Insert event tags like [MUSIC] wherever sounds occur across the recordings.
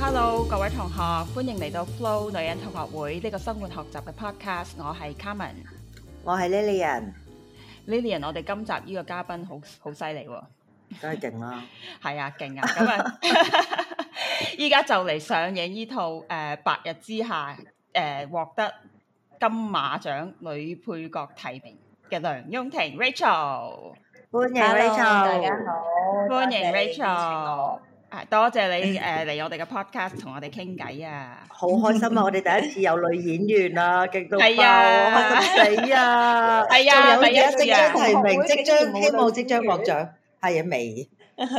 Hello，各位同學，歡迎嚟到 Flo 女人同學會呢個生活學習嘅 podcast。我係 Carmen，我係 Lillian，Lillian，我哋今集呢個嘉賓好好犀利喎。梗係勁啦！係啊，勁啊！咁啊，依家就嚟上映呢套誒《白日之下》，誒獲得金馬獎女配角提名嘅梁雍婷 Rachel，歡迎 Rachel，大家好，歡迎 Rachel，多謝你誒嚟我哋嘅 podcast 同我哋傾偈啊！好開心啊！我哋第一次有女演員啊，極都係啊，死啊！係啊，仲有嘢，即將提名，即將希望，即將獲獎。係啊、哎，未，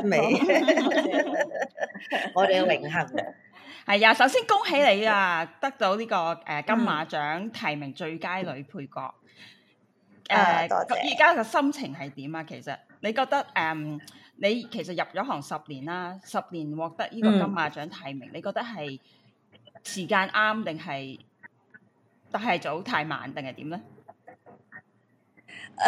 未， [LAUGHS] [LAUGHS] 我哋嘅榮幸。係啊， [LAUGHS] 首先恭喜你啊，得到呢個誒金馬獎提名最佳女配角。誒、嗯啊，多謝。而家嘅心情係點啊？其實你覺得誒、嗯，你其實入咗行十年啦，十年獲得呢個金馬獎提名，嗯、你覺得係時間啱定係但係早太晚定係點咧？誒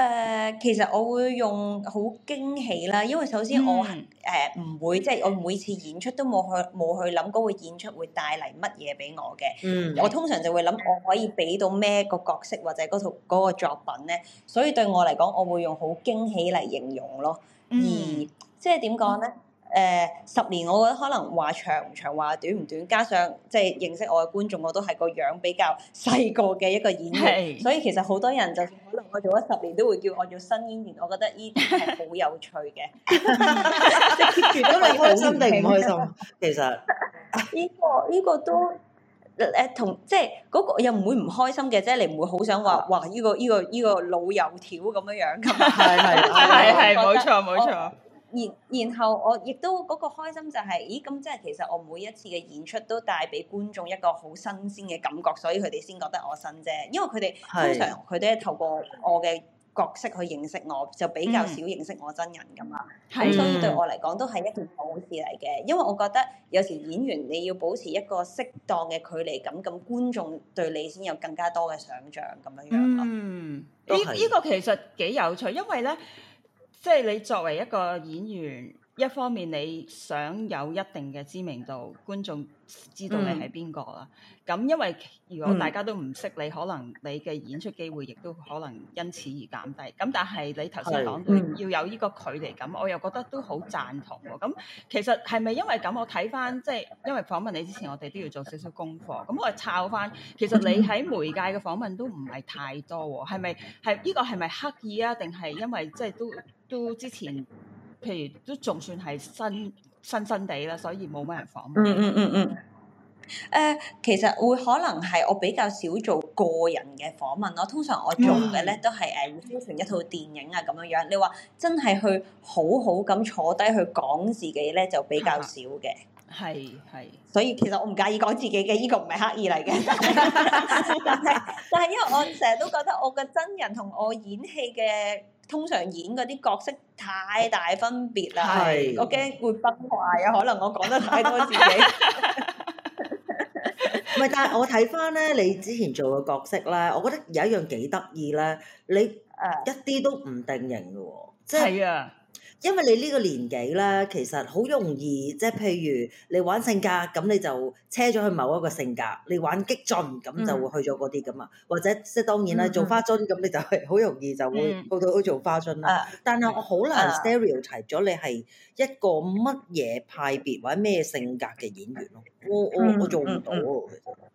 ，uh, 其實我會用好驚喜啦，因為首先我誒唔、嗯呃、會，即、就、係、是、我每次演出都冇去冇去諗嗰個演出會帶嚟乜嘢俾我嘅。嗯、我通常就會諗我可以俾到咩個角色或者嗰套嗰個作品咧，所以對我嚟講，我會用好驚喜嚟形容咯。而、嗯、即係點講咧？嗯誒、呃、十年，我覺得可能話長唔長話短唔短，加上即係認識我嘅觀眾，我都係個樣比較細個嘅一個演員，是所以其實好多人就算可能我做咗十年，都會叫我做新演員。我覺得呢啲係好有趣嘅，keep 住都係開心定唔開心？其實呢個呢個都誒同即係嗰個又唔會唔開心嘅啫，你唔會好想話哇呢個呢個呢個老油條咁樣的樣咁係係係係冇錯冇錯。 [LAUGHS] 然然後我亦都嗰個開心就係、是，咦咁即係其實我每一次嘅演出都帶俾觀眾一個好新鮮嘅感覺，所以佢哋先覺得我新啫。因為佢哋是通常佢哋係透過我嘅角色去認識我，就比較少認識我真人㗎嘛。咁、嗯、所以對我嚟講都係一件好事嚟嘅，因為我覺得有時演員你要保持一個適當嘅距離感，咁觀眾對你先有更加多嘅想像咁樣樣咯。嗯，呢呢、呢個其實幾有趣，因為咧。即係你作為一個演員，一方面你想有一定嘅知名度，觀眾知道你係邊個啦。咁、嗯、因為如果大家都唔識你，可能你嘅演出機會亦都可能因此而減低。咁但係你頭先講到要有呢個距離感，嗯、我又覺得都好贊同喎、哦。咁其實係咪因為咁？我睇翻即係因為訪問你之前，我哋都要做少少功課。咁我係抄翻，其實你喺媒介嘅訪問都唔係太多喎、哦。係咪係呢個係咪刻意啊？定係因為即係都？都之前，譬如都仲算係新，新新新地啦，所以冇乜人訪問。嗯嗯嗯嗯。誒、嗯嗯呃，其實會可能係我比較少做個人嘅訪問咯。通常我做嘅咧都係誒會宣傳一套電影啊咁樣樣。你話真係去好好咁坐低去講自己咧，就比較少嘅。係係、啊，所以其實我唔介意講自己嘅，依、這個唔係刻意嚟嘅。 [LAUGHS] [LAUGHS] [LAUGHS] 但係，但係，因為我成日都覺得我嘅真人同我演戲嘅。通常演嗰啲角色太大分別啦，是我驚會崩壞啊！ [LAUGHS] 可能我講得太多自己。唔係，但係我睇翻咧，你之前做嘅角色咧，我覺得有一樣幾得意咧，你一啲都唔定型嘅喎，即係啊！因為你呢個年紀啦，其實好容易，即係譬如你玩性格，咁你就車咗去某一個性格；你玩激進，咁就會去咗嗰啲噉嘛。嗯、或者即係當然啦，做花樽，咁你就係好容易就會去到去做花樽啦。啊、但係我好難 stereotype 咗、啊、你係一個乜嘢派別或者咩性格嘅演員咯。我我、嗯、我做唔到。嗯、嗯、其實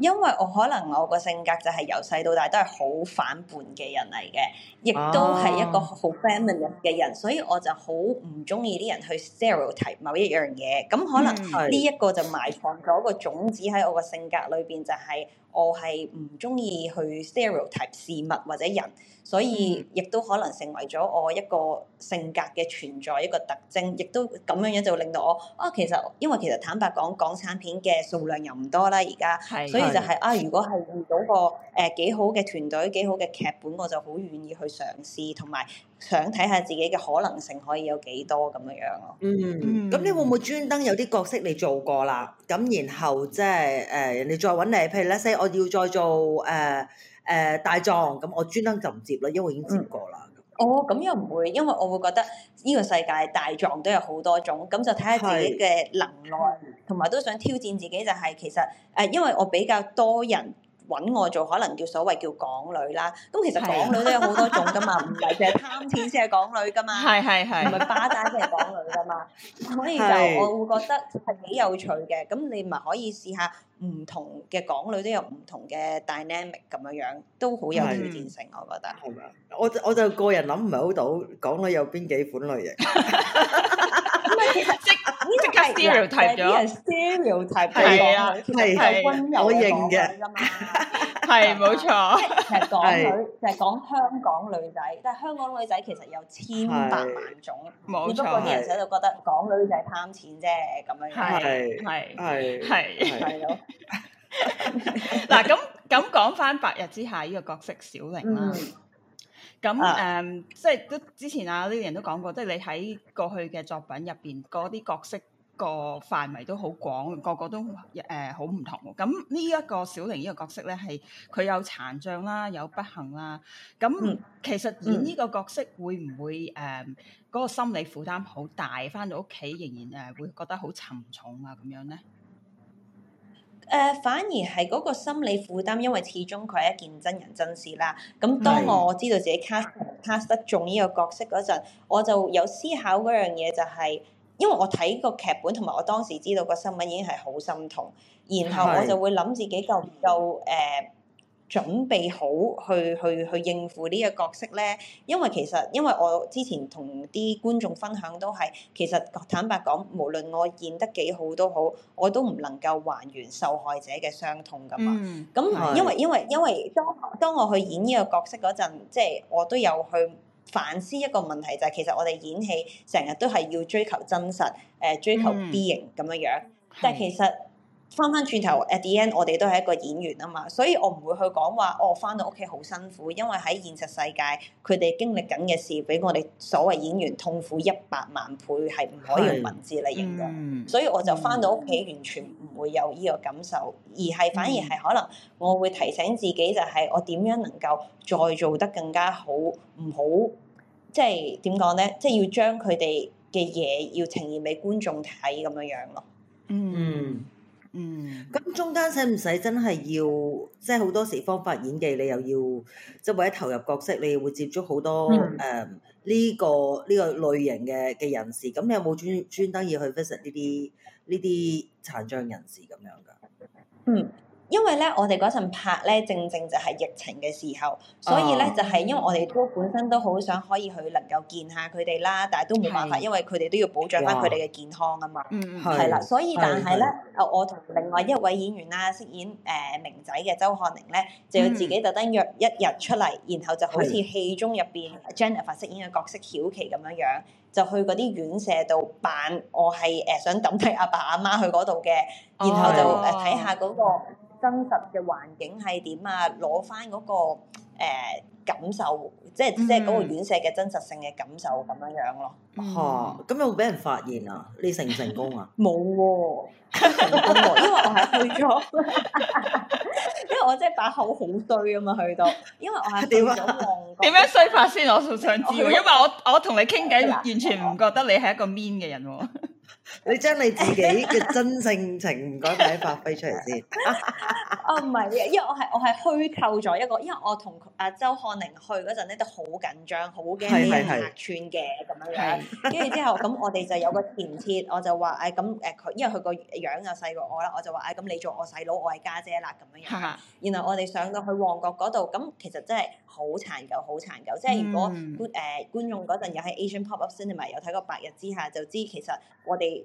因為我可能我個性格就係由細到大都係好反叛嘅人嚟嘅，亦都係一個好 family 嘅人，所以我就好唔中意啲人去 stereotype 某一樣嘢。咁可能呢一個就埋藏咗個種子喺我個性格裏邊，就係、是。我係唔中意去 stereotype 事物或者人，所以亦都可能成為咗我一個性格嘅存在一個特徵，亦都咁樣樣就令到我啊，其實因為其實坦白講，港產片嘅數量又唔多啦，而家，係所以就係、係、啊，如果係遇到個誒幾、呃、好嘅團隊、幾好嘅劇本，我就好願意去嘗試同埋。想睇下自己嘅可能性可以有幾多咁樣樣咯。嗯，咁你會唔會專登有啲角色你做過啦？咁然後即係誒人哋再揾你，譬如咧，say 我要再做誒誒、呃呃、大狀，咁我專登就唔接啦，因為已經接過啦、嗯。哦，咁又唔會，因為我會覺得呢個世界大狀都有好多種，咁就睇下自己嘅能耐，同埋是都想挑戰自己、就是。就係其實誒、呃，因為我比較多人。揾我做可能叫所謂叫港女啦，咁其實港女都有好多種噶嘛，唔係淨係貪錢先係港女噶嘛，唔係 [LAUGHS] 巴打先係港女噶嘛， [LAUGHS] 所以就 [LAUGHS] 我會覺得係幾有趣嘅。咁你咪可以試下唔同嘅港女都有唔同嘅 dynamic 咁樣樣，都好有挑戰性，我覺得。係嘛？我，我就個人諗唔係好到，港女有邊幾款類型？ [LAUGHS] [LAUGHS] 即即刻 serial 提咗，啲人 serial 提咗。係啊，係啊，溫柔講嘅嘛，係冇錯，係港女，就係講香港女仔，但係香港女仔其實有千百萬種，冇不過啲人就覺得港女就係貪錢啫咁樣，係係係係咯。嗱，咁咁講翻白日之下呢個角色小玲啦。咁誒那、uh, 嗯，即係都之前啊，呢啲人都講過，即係你喺過去嘅作品入邊，嗰啲角色個範圍都好廣，個個都誒好唔同。咁呢一個小玲呢個角色咧，係佢有殘障啦，有不幸啦。咁其實演呢個角色會唔會誒嗰、呃那個心理負擔好大，翻到屋企仍然誒會覺得好沉重啊咁樣咧？誒，uh, 反而係嗰個心理負擔，因為始終佢係一件真人真事啦。咁當我知道自己 cast 是 cast 得中呢個角色嗰陣，我就有思考嗰樣嘢，就係因為我睇個劇本同埋我當時知道個新聞已經係好心痛，然後我就會諗自己夠唔夠誒。Uh, 是嗯準備好去去去應付呢個角色咧，因為其實因為我之前同啲觀眾分享都係，其實坦白講，無論我演得幾好都好，我都唔能夠還原受害者嘅傷痛噶嘛。咁、嗯、因為是因為因為，因為當當我去演呢個角色嗰陣，即、就、係、是、我都有去反思一個問題、就是，就係其實我哋演戲成日都係要追求真實，誒、呃、追求 being 咁樣樣，嗯、但係其實。翻翻轉頭，at the end 我哋都係一個演員啊嘛，所以我唔會去講話我翻到屋企好辛苦，因為喺現實世界佢哋經歷緊嘅事，比我哋所謂演員痛苦一百萬倍，係唔可以用文字嚟形容。嗯、所以我就翻到屋企、嗯、完全唔會有呢個感受，而係反而係可能我會提醒自己就係我點樣能夠再做得更加好，唔好即係點講咧？即係要將佢哋嘅嘢要呈現俾觀眾睇咁樣樣咯。嗯。嗯，咁中間使唔使真係要，即係好多時方法演技，你又要即係為咗投入角色，你會接觸好多誒呢、嗯嗯呢個呢、呢個類型嘅嘅人士。咁你有冇專專登要去 visit 呢啲呢啲殘障人士咁樣㗎？嗯。因為咧，我哋嗰陣拍咧，正正就係疫情嘅時候，所以咧就係因為我哋都本身都好想可以去能夠見下佢哋啦，但係都冇辦法，因為佢哋都要保障翻佢哋嘅健康啊嘛，係啦，所以但係咧，啊我同另外一位演員啦飾演誒、呃、明仔嘅周漢寧咧，就要自己特登約一日出嚟，然後就好似戲中入邊 Jennifer 飾演嘅角色曉琪咁樣樣，就去嗰啲院舍度扮我係誒想揼睇阿爸阿媽去嗰度嘅，然後就誒睇下嗰、嗰個。真實嘅環境係點啊？攞翻嗰個、呃、感受，即係、嗯、即係嗰個院舍嘅真實性嘅感受咁樣樣咯。嚇、嗯！咁有俾人發現啊？你成唔成功啊？冇成功，因為我係去咗， [LAUGHS] 因為我真係把口好衰啊嘛去到，因為我係掉咗望。點樣衰法先？我好想知，因為我我同你傾偈完全唔覺得你係一個 mean 嘅人。你將你自己嘅真性情唔該快啲發揮出嚟先 [LAUGHS] 哦，唔係，因為我係我係虛構咗一個，因為我同阿周漢寧去嗰陣咧都好緊張，好驚有客串嘅咁樣樣。跟住是之後咁， [LAUGHS] 我哋就有個前設，我就話誒咁誒佢，因為佢個樣又細過我啦，我就話誒咁你做我細佬，我係家姐啦咁樣樣。是是然後我哋上到去旺角嗰度，咁其實真係好殘舊，好殘舊。嗯、即係如果觀誒、呃、觀眾嗰陣又喺 Asian Pop-Up Cinema 有睇過《白日之下》，就知其實我哋。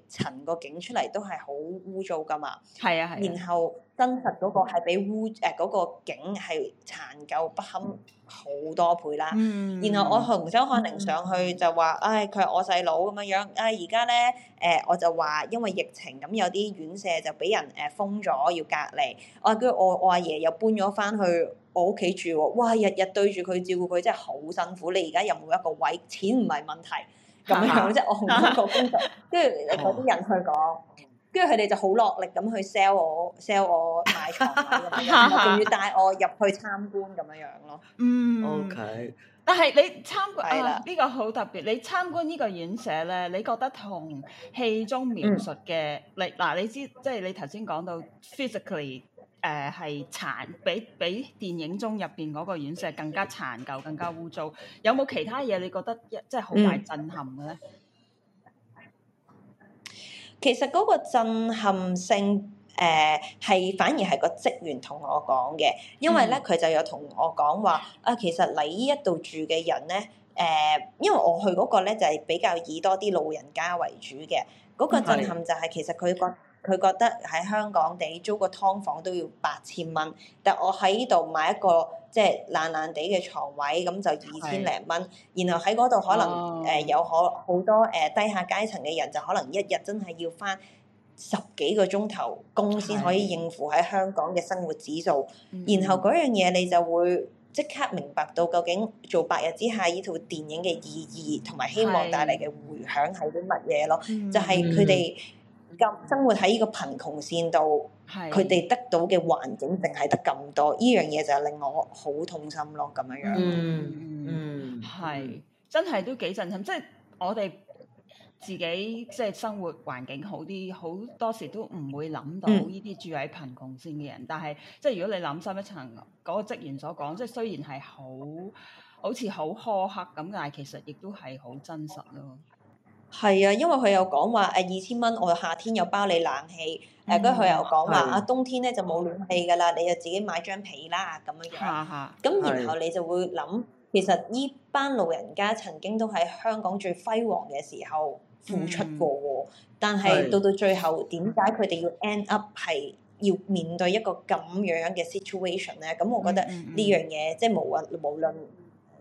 層個、呃那個景出嚟都係好污糟噶嘛，然後真實嗰個係比污誒嗰個景係殘舊不堪好多倍啦。嗯、然後我同周漢寧上去就話：，唉、嗯，佢係、哎、我細佬咁樣樣。唉、哎，而家咧誒，我就話因為疫情咁、嗯、有啲院舍就俾人誒、呃、封咗，要隔離、啊。我跟住我我阿爺又搬咗翻去我屋企住喎。哇！日日對住佢照顧佢真係好辛苦。你而家有冇一個位？錢唔係問題。咁樣樣 [LAUGHS] 即係我紅燈國工作，你跟住嚟嗰啲人去講，跟住佢哋就好落力咁去 sell 我 sell 我買床，仲要帶我入去參觀咁樣樣咯。 [LAUGHS] 嗯，OK。但係你參，係啦，呢個好特別。你參觀呢個院舍咧，你覺得同戲中描述嘅， [LAUGHS] 嗯、你嗱、啊，你知即係你頭先講到 physically。誒係、呃、殘，比比電影中入邊嗰個院舍更加殘舊、更加污糟。有冇其他嘢你覺得一即係好大震撼嘅咧？嗯、其實嗰個震撼性誒係、呃、反而係個職員同我講嘅，因為咧佢就有同我講話啊，其實嚟呢一度住嘅人咧，誒、呃，因為我去嗰個咧就係、是、比較以多啲老人家為主嘅，嗰、那個震撼就係其實佢、那、覺、個。嗯佢覺得喺香港地租個劏房都要八千蚊，但我喺呢度買一個即係爛爛地嘅床位，咁就二千零蚊。是然後喺嗰度可能誒、哦呃、有可好多誒、呃、低下階層嘅人，就可能一日真係要返十幾個鐘頭工先可以應付喺香港嘅生活指數。是然後嗰樣嘢你就會即刻明白到究竟做白日之下依套電影嘅意義同埋希望帶嚟嘅回響係啲乜嘢囉。是就係佢哋。生活喺呢個貧窮線度，佢哋是得到嘅環境淨係得咁多，呢樣嘢就令我好痛心咯，咁樣樣。嗯嗯嗯，係、嗯嗯，真係都幾震心。即、就、係、是、我哋自己即係、就是、生活環境好啲，好多時都唔會諗到呢啲住喺貧窮線嘅人。嗯、但係即係如果你諗深一層，嗰、那個職員所講，即、就、係、是、雖然係好好似好苛刻咁，但係其實亦都係好真實咯。係啊，因為佢有講話誒二千蚊，啊、我夏天有包你冷氣，誒跟住佢又講話啊，的啊冬天咧就冇暖氣㗎啦，你就自己買張被啦咁樣樣。咁、啊啊、然後你就會諗，的其實呢班老人家曾經都喺香港最輝煌嘅時候付出過，嗯、但係到到最後點解佢哋要 end up 係要面對一個咁樣嘅 situation 咧？咁、嗯、我覺得呢樣嘢即係冇啊，無論。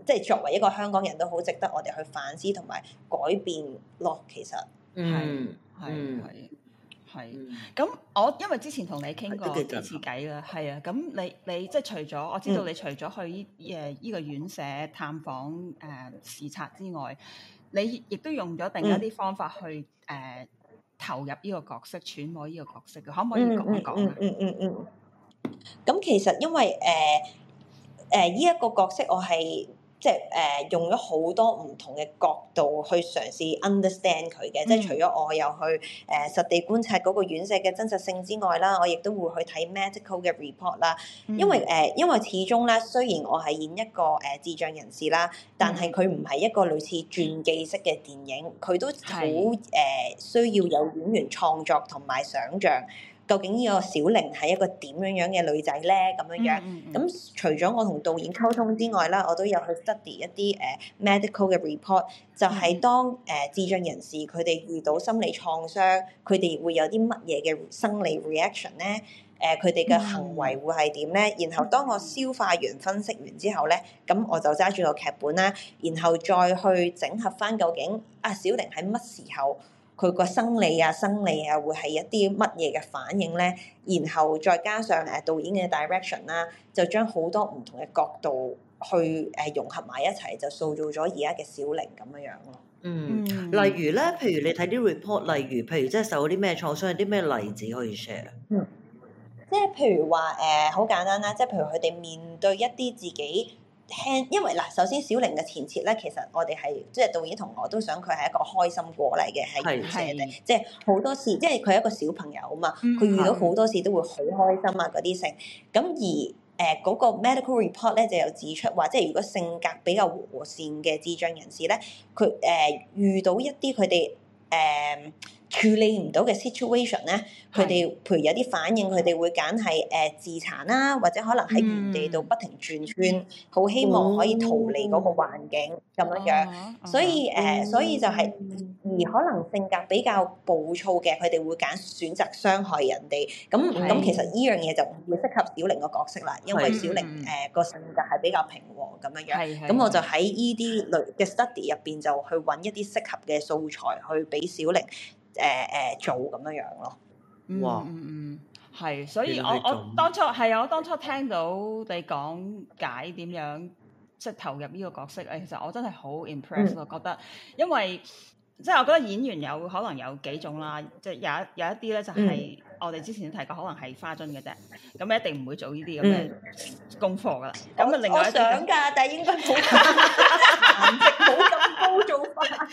即係作為一個香港人都好值得我哋去反思同埋改變咯。其實，嗯，係，係，係。咁我因為之前同你傾過幾次偈啦，係啊。咁你你，你即係除咗我知道，你除咗去呢誒呢個院舍探訪誒、呃、視察之外，你亦都用咗定一啲方法去誒、mm. 呃、投入呢個角色、揣摩呢個角色嘅，可唔可以講一講、mm. mm. mm. mm. mm. mm. 嗯？嗯嗯嗯。咁其實因為誒誒呢一個角色，我係。即係誒、呃、用咗好多唔同嘅角度去嘗試 understand 佢嘅，嗯、即係除咗我有去誒、呃、實地觀察嗰個院舍嘅真實性之外啦，我亦都會去睇 medical 嘅 report 啦。嗯、因為誒、呃，因為始終咧，雖然我係演一個誒、呃、智障人士啦，但係佢唔係一個類似傳記式嘅電影，佢、嗯、都好誒是、呃、需要有演員創作同埋想像。究竟呢個小玲係一個點樣樣嘅女仔咧？咁樣樣，咁、嗯、除咗我同導演溝通之外啦，我都有去 study 一啲誒、呃、medical 嘅 report，就係當誒、呃、智障人士佢哋遇到心理創傷，佢哋會有啲乜嘢嘅生理 reaction 咧？誒、呃，佢哋嘅行為會係點咧？然後當我消化完、分析完之後咧，咁我就揸住個劇本啦，然後再去整合返究竟啊小玲喺乜時候？佢個生理啊、生理啊，會係一啲乜嘢嘅反應咧？然後再加上誒、啊、導演嘅 direction 啦、啊，就將好多唔同嘅角度去誒、啊、融合埋一齊，就塑造咗而家嘅小玲咁樣樣咯。嗯，例如咧，譬如你睇啲 report，例如譬如即係受咗啲咩創傷，有啲咩例子可以 share？嗯，即係譬如話誒，好、呃、簡單啦，即係譬如佢哋面對一啲自己。聽，因為嗱，首先小玲嘅前設咧，其實我哋係即係導演同我都想佢係一個開心果嚟嘅，係嚟者即係好多事，因為佢係一個小朋友啊嘛，佢、嗯、遇到好多事都會好開心啊嗰啲性。咁的而誒嗰、呃那個 medical report 咧，就有指出話，即、就、係、是、如果性格比較和善嘅智障人士咧，佢誒、呃、遇到一啲佢哋誒。呃處理唔到嘅 situation 咧，佢哋譬如有啲反應，佢哋會揀係誒自殘啦，或者可能喺原地度不停轉圈，好、嗯、希望可以逃離嗰個環境咁樣樣。嗯、所以誒、嗯，所以就係、是、而可能性格比較暴躁嘅，佢哋會揀選，選擇傷害人哋。咁咁的其實呢樣嘢就唔適合小玲個角色啦，因為小玲誒個、呃、性格係比較平和咁樣樣。咁的我就喺依啲類嘅 study 入邊就去揾一啲適合嘅素材去俾小玲。誒誒，做咁樣樣咯，哇，嗯嗯，係，所以我我當初係啊，我當初聽到你講解點樣，即係投入呢個角色，誒、哎，其實我真係好 impressed，我覺得，因為即係、就是、我覺得演員有可能有幾種啦，即、就、係、是、有一有一啲咧就係我哋之前提過，可能係花樽嘅啫，咁一定唔會做呢啲咁嘅功課噶啦，咁啊、嗯，另外我想噶，但係應該冇顏值冇咁高做法。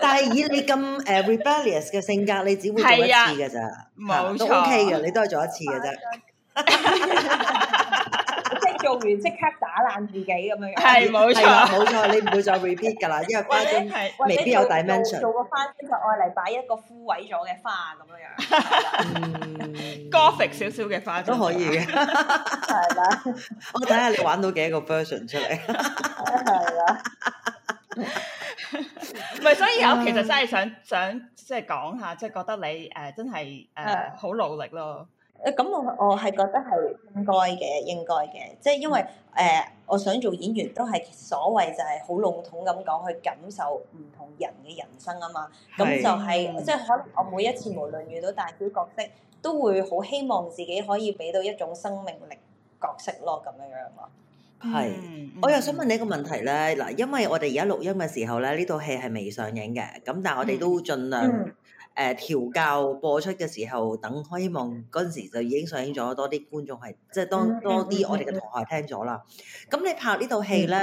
但係以你咁誒 rebellious 嘅性格，你只會做一次嘅咋？唔係，都 OK 嘅，你都係做一次嘅啫。即係做完即刻打爛自己咁樣樣，係冇錯，冇錯，你唔會再 repeat 噶啦，因為花樽未必有 dimension，做個花樽就愛嚟擺一個枯萎咗嘅花咁樣樣，Gothic 少少嘅花樽都可以嘅，係啦。我睇下你玩到幾多個 version 出嚟。唔係， [LAUGHS] 所以我其實真係想想即係講下，即、就、係、是、覺得你誒、呃、真係誒好努力咯。誒，咁我我係覺得係應該嘅，應該嘅，即係因為誒、呃，我想做演員都係所謂就係好籠統咁講，去感受唔同人嘅人生啊嘛。咁的就係、是嗯、即係可能我每一次無論遇到大小角色，都會好希望自己可以俾到一種生命力角色咯，咁樣樣咯。係，是嗯、我又想問你一個問題咧，嗱，因為我哋而家錄音嘅時候咧，呢套戲係未上映嘅，咁但係我哋都盡量誒、嗯呃、調校播出嘅時候，等開希望嗰陣時就已經上映咗，多啲觀眾係即係多多啲我哋嘅同學聽咗啦。咁、嗯嗯、你拍呢套戲咧，誒、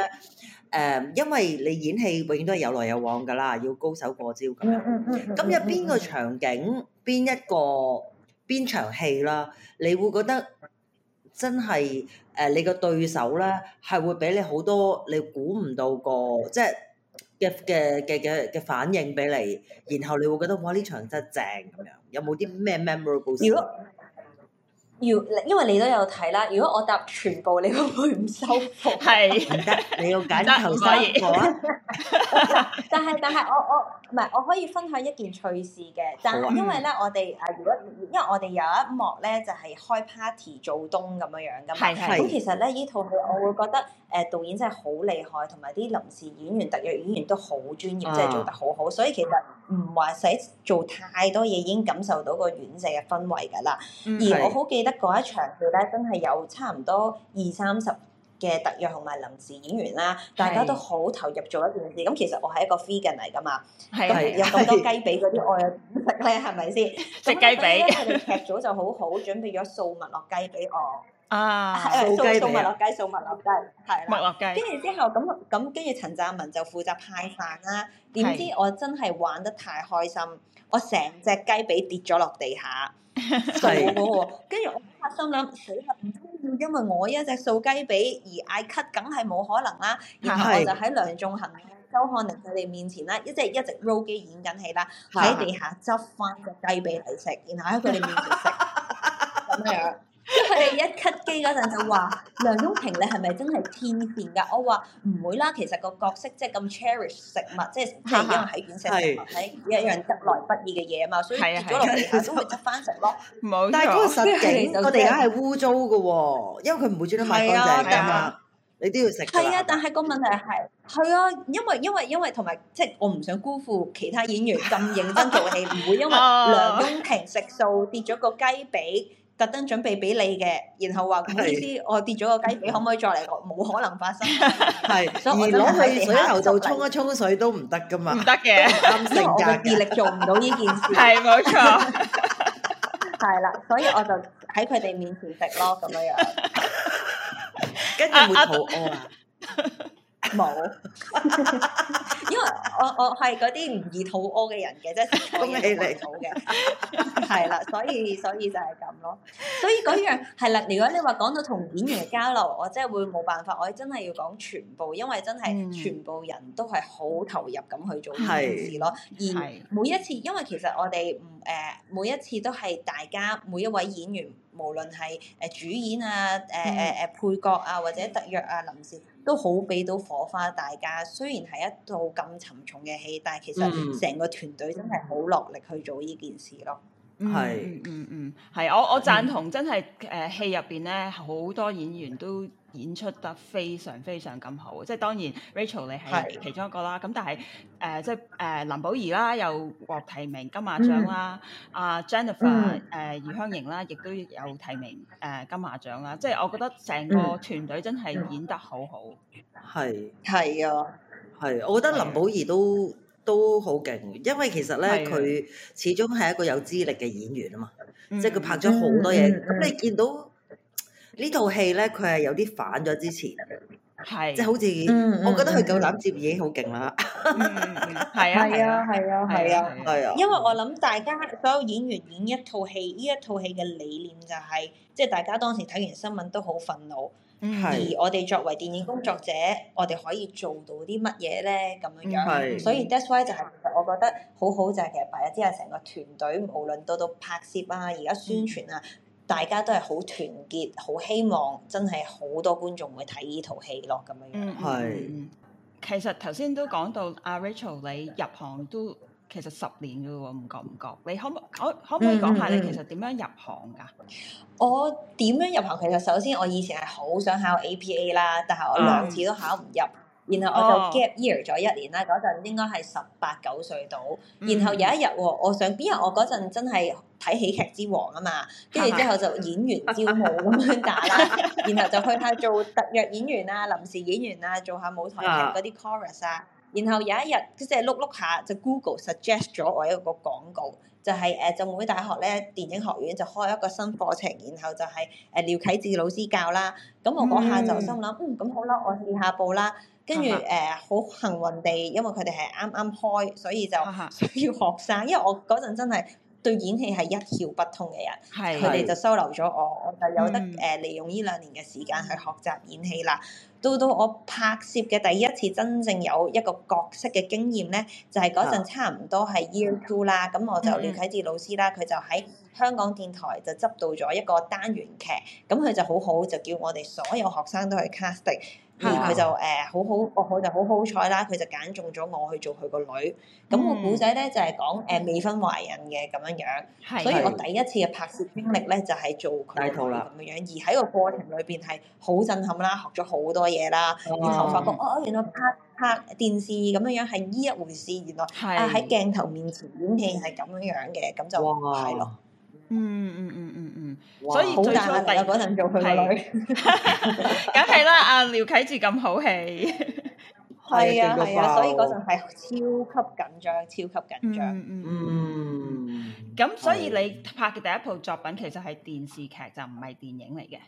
呃，因為你演戲永遠都係有來有往噶啦，要高手過招咁樣。咁有邊個場景，邊一個邊場戲啦，你會覺得？真係誒、呃，你個對手咧係會俾你好多你估唔到個，即係嘅嘅嘅嘅嘅反應俾你，然後你會覺得哇，呢場真係正咁樣，有冇啲咩 memorable story? 要，因為你都有睇啦。如果我答全部，你會唔收貨、啊？係唔得，你要揀頭先。但係但係我我唔係，我可以分享一件趣事嘅。但係因為咧，我哋誒如果因為我哋有一幕咧，就係、是、開 party 做冬咁樣樣噶嘛。咁是其實咧，呢套戲我會覺得誒、呃、導演真係好厲害，同埋啲臨時演員、嗯、特約演員都好專業，即係、嗯、做得好好。所以其實唔話使做太多嘢，已經感受到個院舍嘅氛圍噶啦。而我好記得嗰一場戲咧，真係有差唔多二三十嘅特約同埋臨時演員啦，大家都好投入做一件事。咁其實我係一個 vegan 嚟噶嘛，咁是有好多雞髀嗰啲我又食咧，係咪先？食雞髀，因為劇組就好好準備咗素麥樂雞俾我、哦、啊，素素麥樂雞，素麥樂雞，係啦。麥樂雞。跟住之後咁咁，跟住陳湛文就負責派飯啦。點知我真係玩得太開心，我成隻雞髀跌咗落地下。冇跟住我發心諗，死啦！唔通要因為我一隻素雞髀而嗌交，梗係冇可能啦。然後我就喺梁仲恒、周漢寧佢哋面前啦，一即係一直 roll 機演緊戲啦，喺地下執翻個雞髀嚟食，然後喺佢哋面前食。咁樣。即係佢哋一 cut 機嗰陣就話梁雍婷你係咪真係天變㗎？啊？我話唔會啦，其實個角色即係咁 cherish 食物，即、就、係、是、 [LAUGHS] 是一樣喺院食，喺一樣得來不易嘅嘢嘛，所以跌咗落嚟，我都會執翻食咯。 [LAUGHS] 但係嗰個實景，我哋而家係污糟嘅喎，因為佢唔會專登買乾淨㗎嘛，你都要食。係啊，但係個問題係係啊，因為因為因為同埋即係我唔想辜負其他演員咁認真做戲，唔 [LAUGHS] [LAUGHS] 會因為梁雍婷食素跌咗個雞髀。特登準備俾你嘅，然後話：唔好意思我跌咗個雞髀，可唔可以再嚟過？冇可能發生，係。所以攞去水喉度沖一沖水都唔得噶嘛。唔得嘅，咁我嘅毅力做唔到呢件事。係冇錯。係啦，所以我就喺佢哋面前食咯，咁樣樣。跟住會肚屙啊！冇， [LAUGHS] [LAUGHS] 因為我我係嗰啲唔易肚屙嘅人嘅，即係專業嚟到嘅，係啦，所以所以就係咁咯。所以嗰樣係啦。 [LAUGHS] 如果你話講到同演員嘅交流，我真係會冇辦法，我真係要講全部，因為真係全部人都係好投入咁去做呢件事咯。嗯、而每一次，因為其實我哋誒、呃、每一次都係大家每一位演員，無論係誒主演啊、誒誒誒配角啊，或者特約啊、臨時。都好俾到火花，大家雖然係一套咁沉重嘅戲，但係其實成個團隊真係好落力去做呢件事咯。係、嗯，嗯嗯，係、嗯，我我贊同真，真係誒戲入邊咧，好多演員都演出得非常非常咁好，即係當然 Rachel 你係其中一個啦，咁但係誒即係誒林保怡啦，又獲提名金馬獎啦，阿 Jennifer 誒余香凝啦，亦都有提名誒金馬獎啦，即係我覺得成個團隊真係演得好好，係係啊，係，我覺得林保怡都都好勁，因為其實咧佢始終係一個有資歷嘅演員啊嘛，即係佢拍咗好多嘢，咁你見到。呢套戲咧，佢係有啲反咗之前，即係好似，嗯，我覺得佢夠膽接已經好勁啦，係啊，係啊，係啊，係啊，因為我諗大家所有演員演一套戲，呢一套戲嘅理念就係，即係大家當時睇完新聞都好憤怒，而我哋作為電影工作者，我哋可以做到啲乜嘢咧？咁樣樣，所以 that's why 就係其實我覺得好好就係其實，白日之下，成個團隊無論到到拍攝啊，而家宣傳啊。大家都係好團結，好希望真係好多觀眾會睇呢套戲咯，咁樣樣。嗯，係。其實頭先都講到阿 Rachel，你入行都其實十年嘅喎，唔覺唔覺？你可唔可可唔可以講下你其實點樣入行㗎？嗯嗯、我點樣入行？其實首先我以前係好想考 APA 啦，但係我兩次都考唔入。嗯。然後我就 gap year 咗一年啦，嗰陣、oh, 應該係十八九歲到。嗯、然後有一日，我上邊日我嗰陣真係睇喜劇之王啊嘛，跟住之後就演員招募咁樣打啦。 [LAUGHS] 然後就去下做特約演員啊，臨時演員啊，做下舞台劇嗰啲 chorus 啊。Yeah. 然後有一日，即係碌碌下就 Google suggest 咗我一個廣告，就係誒浸會大學咧電影學院就開一個新課程，然後就係、是、誒、呃、廖啟智老師教啦。咁我嗰下就心諗 [NOISE] 嗯，咁、嗯、好啦，我試下報啦。跟住誒好幸運地，因為佢哋係啱啱開，所以就需要學生。 [LAUGHS] 因為我嗰陣真係對演戲係一竅不通嘅人，佢哋 [LAUGHS] 就收留咗我，我 [NOISE] 就有得誒、呃、利用呢兩年嘅時間去學習演戲啦。到到我拍攝嘅第一次真正有一個角色嘅經驗咧，就係、是、嗰陣差唔多係 Year Two 啦，咁、啊、我就廖啟智老師啦，佢就喺香港電台就執導咗一個單元劇，咁佢就好好就叫我哋所有學生都去 casting，、啊、而佢就誒、呃、好好我佢就好好彩啦，佢就揀中咗我去做佢、個女，咁我古仔咧就係講誒未婚懷孕嘅咁樣樣，係、嗯、所以我第一次嘅拍攝經歷咧就係、是、做大肚啦咁樣樣，而喺個過程裏邊係好震撼啦，學咗好多。嘢啦，然後發覺哦原來拍拍電視咁樣樣係呢一回事，原來是啊喺鏡頭面前演戲係咁樣樣嘅，咁就係咯。嗯嗯嗯嗯嗯，嗯哇所以最初第二嗰陣做佢女，梗係啦！阿、 [LAUGHS] 啊、廖啟智咁好戲，係啊係啊，啊，所以嗰陣係超級緊張，超級緊張嗯。嗯嗯咁所以你拍嘅第一部作品其實係電視劇，就唔係電影嚟嘅。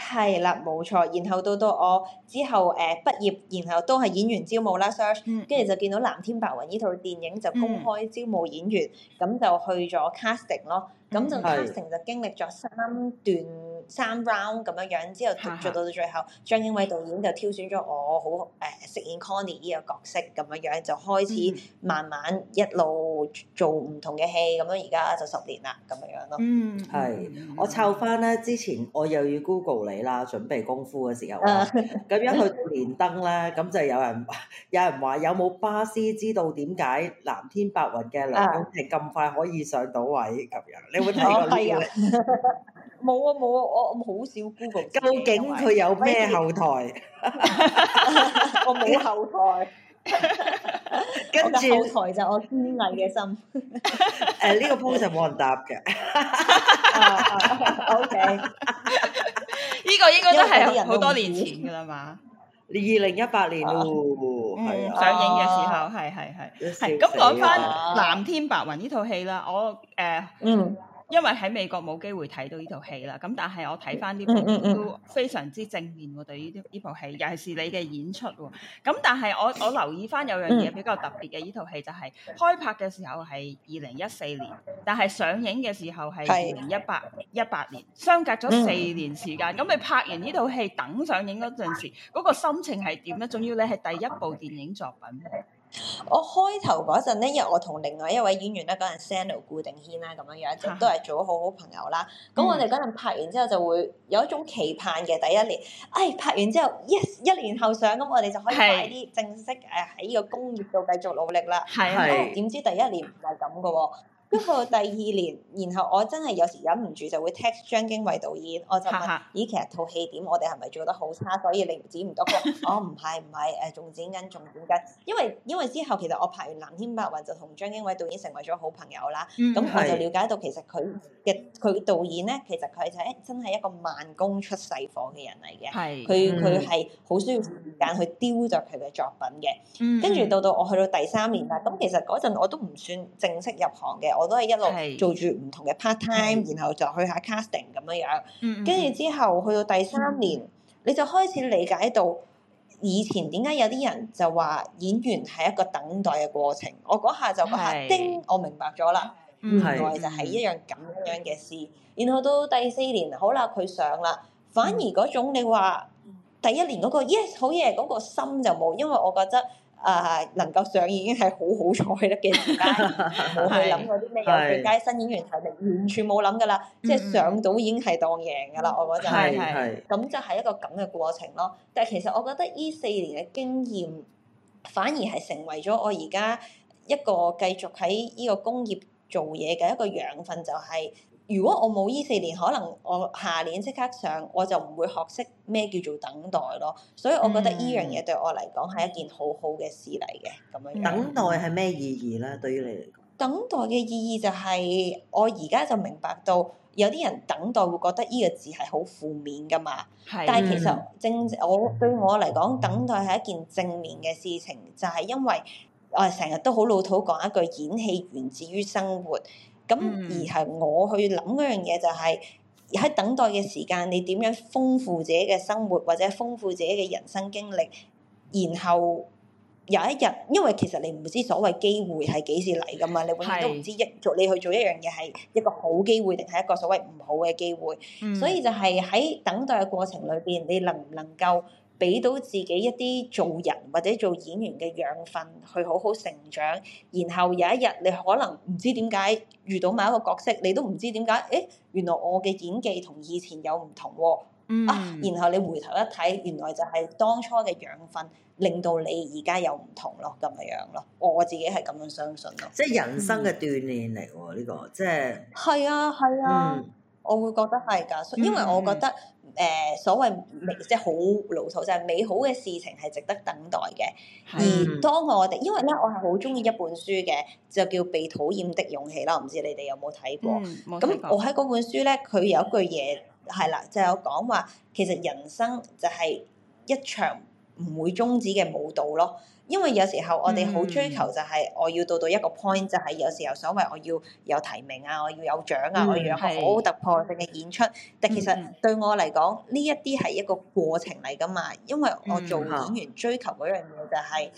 係啦，冇錯。然後到到我之後誒畢、呃、業，然後都係演員招募啦。Search，跟住就見到藍天白雲呢套電影就公開招募演員，咁、嗯、就去咗 casting 咯。咁、嗯、就 casting 的就經歷咗三段。三 round 咁樣樣，之後做到到最後，的張英偉導演就挑選咗我，好誒、呃、飾演 Connie 呢個角色咁樣，咁樣樣就開始慢慢一路做唔同嘅戲，咁、嗯、樣而家就十年啦，咁樣樣咯。嗯，係、嗯、我湊翻咧，之前我又要 Google 你啦，準備功夫嘅時候啊，咁一去到連登咧，咁就有人 [LAUGHS] 有人話有冇巴斯知道點解藍天白雲嘅雷永晴咁快可以上到位咁樣、啊？你會睇過啲、這、咩、個？ [LAUGHS] [LAUGHS] 冇啊冇啊，我我好少 Google。究竟佢有咩後台？ [LAUGHS] [LAUGHS] 我冇後台。跟住着 [LAUGHS] 後台就我虛偽嘅心。誒 [LAUGHS] 呢、啊這個 pose 就冇人答嘅。OK。呢個應該都係好多年前㗎啦嘛。二零一八年喎，係、啊、上映嘅時候，係係係。咁講翻藍天白雲呢套戲啦，我誒。嗯。因為喺美國冇機會睇到呢套戲啦，咁但係我睇翻啲報紙都非常之正面，我對於呢呢部戲，尤其是你嘅演出。咁但係我我留意翻有樣嘢比較特別嘅呢套戲就係、是、開拍嘅時候係二零一四年，但係上映嘅時候係二零一八一八年，是相隔咗四年時間。咁你拍完呢套戲等上映嗰陣時，嗰、那個心情係點咧？仲要你係第一部電影作品。我開頭嗰陣咧，因為我同另外一位演員咧嗰陣 send 到固定軒啦，咁樣樣即係都係做好好朋友啦。咁我哋嗰陣拍完之後就會有一種期盼嘅第一年，唉、哎，拍完之後一，yes，一年後上，咁我哋就可以快啲正式誒喺依個工業度繼續努力啦。係，點知第一年唔係咁嘅喎。之後 [MUSIC] 第二年，然後我真係有時忍唔住就會 text 張經緯導演，我就問：咦， [LAUGHS] 其實套戲點？我哋係咪做得好差？所以你唔止唔多？我唔係唔係誒，仲、呃、剪緊仲剪緊。因為因為之後其實我拍完藍天白雲就同張經緯導演成為咗好朋友啦。咁我就了解到其實佢嘅佢導演咧，其實佢就誒、是哎、真係一個慢工出細貨嘅人嚟嘅。係、嗯，佢佢係好需要時間去雕琢佢嘅作品嘅。跟住到到我去到第三年啦。咁其實嗰陣我都唔算正式入行嘅。我都係一路做住唔同嘅 part time，是然後就去下 casting 咁樣樣，跟住、嗯、之後去到第三年，嗯、你就開始理解到以前點解有啲人就話演員係一個等待嘅過程。我嗰下就嗰下叮，是我明白咗啦，是原來就係一樣咁樣嘅事。然後到第四年，好啦，佢上啦，反而嗰種你話第一年嗰個 yes 好嘢嗰個心就冇，因為我覺得。啊，能夠上已經係好好彩啦！嘅時間，冇去諗嗰啲咩嘢，最佳新演員提名完全冇諗噶啦， [LAUGHS] 即係上到已經係當贏噶啦， [LAUGHS] 我覺得。係係 [LAUGHS] 是。咁就係一個咁嘅過程咯。但係其實我覺得呢四年嘅經驗，反而係成為咗我而家一個繼續喺呢個工業做嘢嘅一個養分、就是，就係。如果我冇呢四年，可能我下年即刻上，我就唔會學識咩叫做等待咯。所以我覺得呢樣嘢對我嚟講，係一件好好嘅事嚟嘅。咁樣等待係咩意義咧對於你嚟講，等待嘅意義就係、是、我而家就明白到有啲人等待會覺得呢個字係好負面噶嘛。的但係其實正我對我嚟講等待係一件正面嘅事情，就係、是、因為我成日都好老土講一句演戲源自於生活。咁、嗯、而係我去諗嗰樣嘢，就係、是、喺等待嘅時間，你點樣豐富自己嘅生活或者豐富自己嘅人生經歷，然後有一日，因為其實你唔知所謂機會係幾時嚟㗎嘛，你永遠都唔知一做是你去做一樣嘢係一個好機會定係一個所謂唔好嘅機會，嗯、所以就係喺等待嘅過程裏邊，你能唔能夠俾到自己一啲做人或者做演員嘅養分，去好好成長。然後有一日你可能唔知點解遇到某一個角色，你都唔知點解，誒原來我嘅演技同以前有唔同喎、啊。嗯、啊，然後你回頭一睇，原來就係當初嘅養分令到你而家有唔同咯、啊，咁樣咯、啊。我自己係咁樣相信咯。即係人生嘅鍛鍊嚟喎，呢個即係。係啊係啊，啊啊嗯、我會覺得係㗎，因為我覺得。誒、呃、所謂美即係好老土，就係、是、美好嘅事情係值得等待嘅。而的、嗯、當我哋因為咧，我係好鍾意一本書嘅，就叫《被討厭的勇氣》啦。唔知你哋有冇睇過？咁、嗯、我喺嗰本書咧，佢有一句嘢係啦，就係有講話，其實人生就係一場唔會終止嘅舞蹈咯。因為有時候我哋好追求就係我要到到一個 point、嗯、就係有時候所謂我要有提名啊，我要有獎啊，嗯、我要有好突破性嘅演出。嗯、但其實對我嚟講，呢一啲係一個過程嚟噶嘛。因為我做演員追求嗰樣嘢就係、是、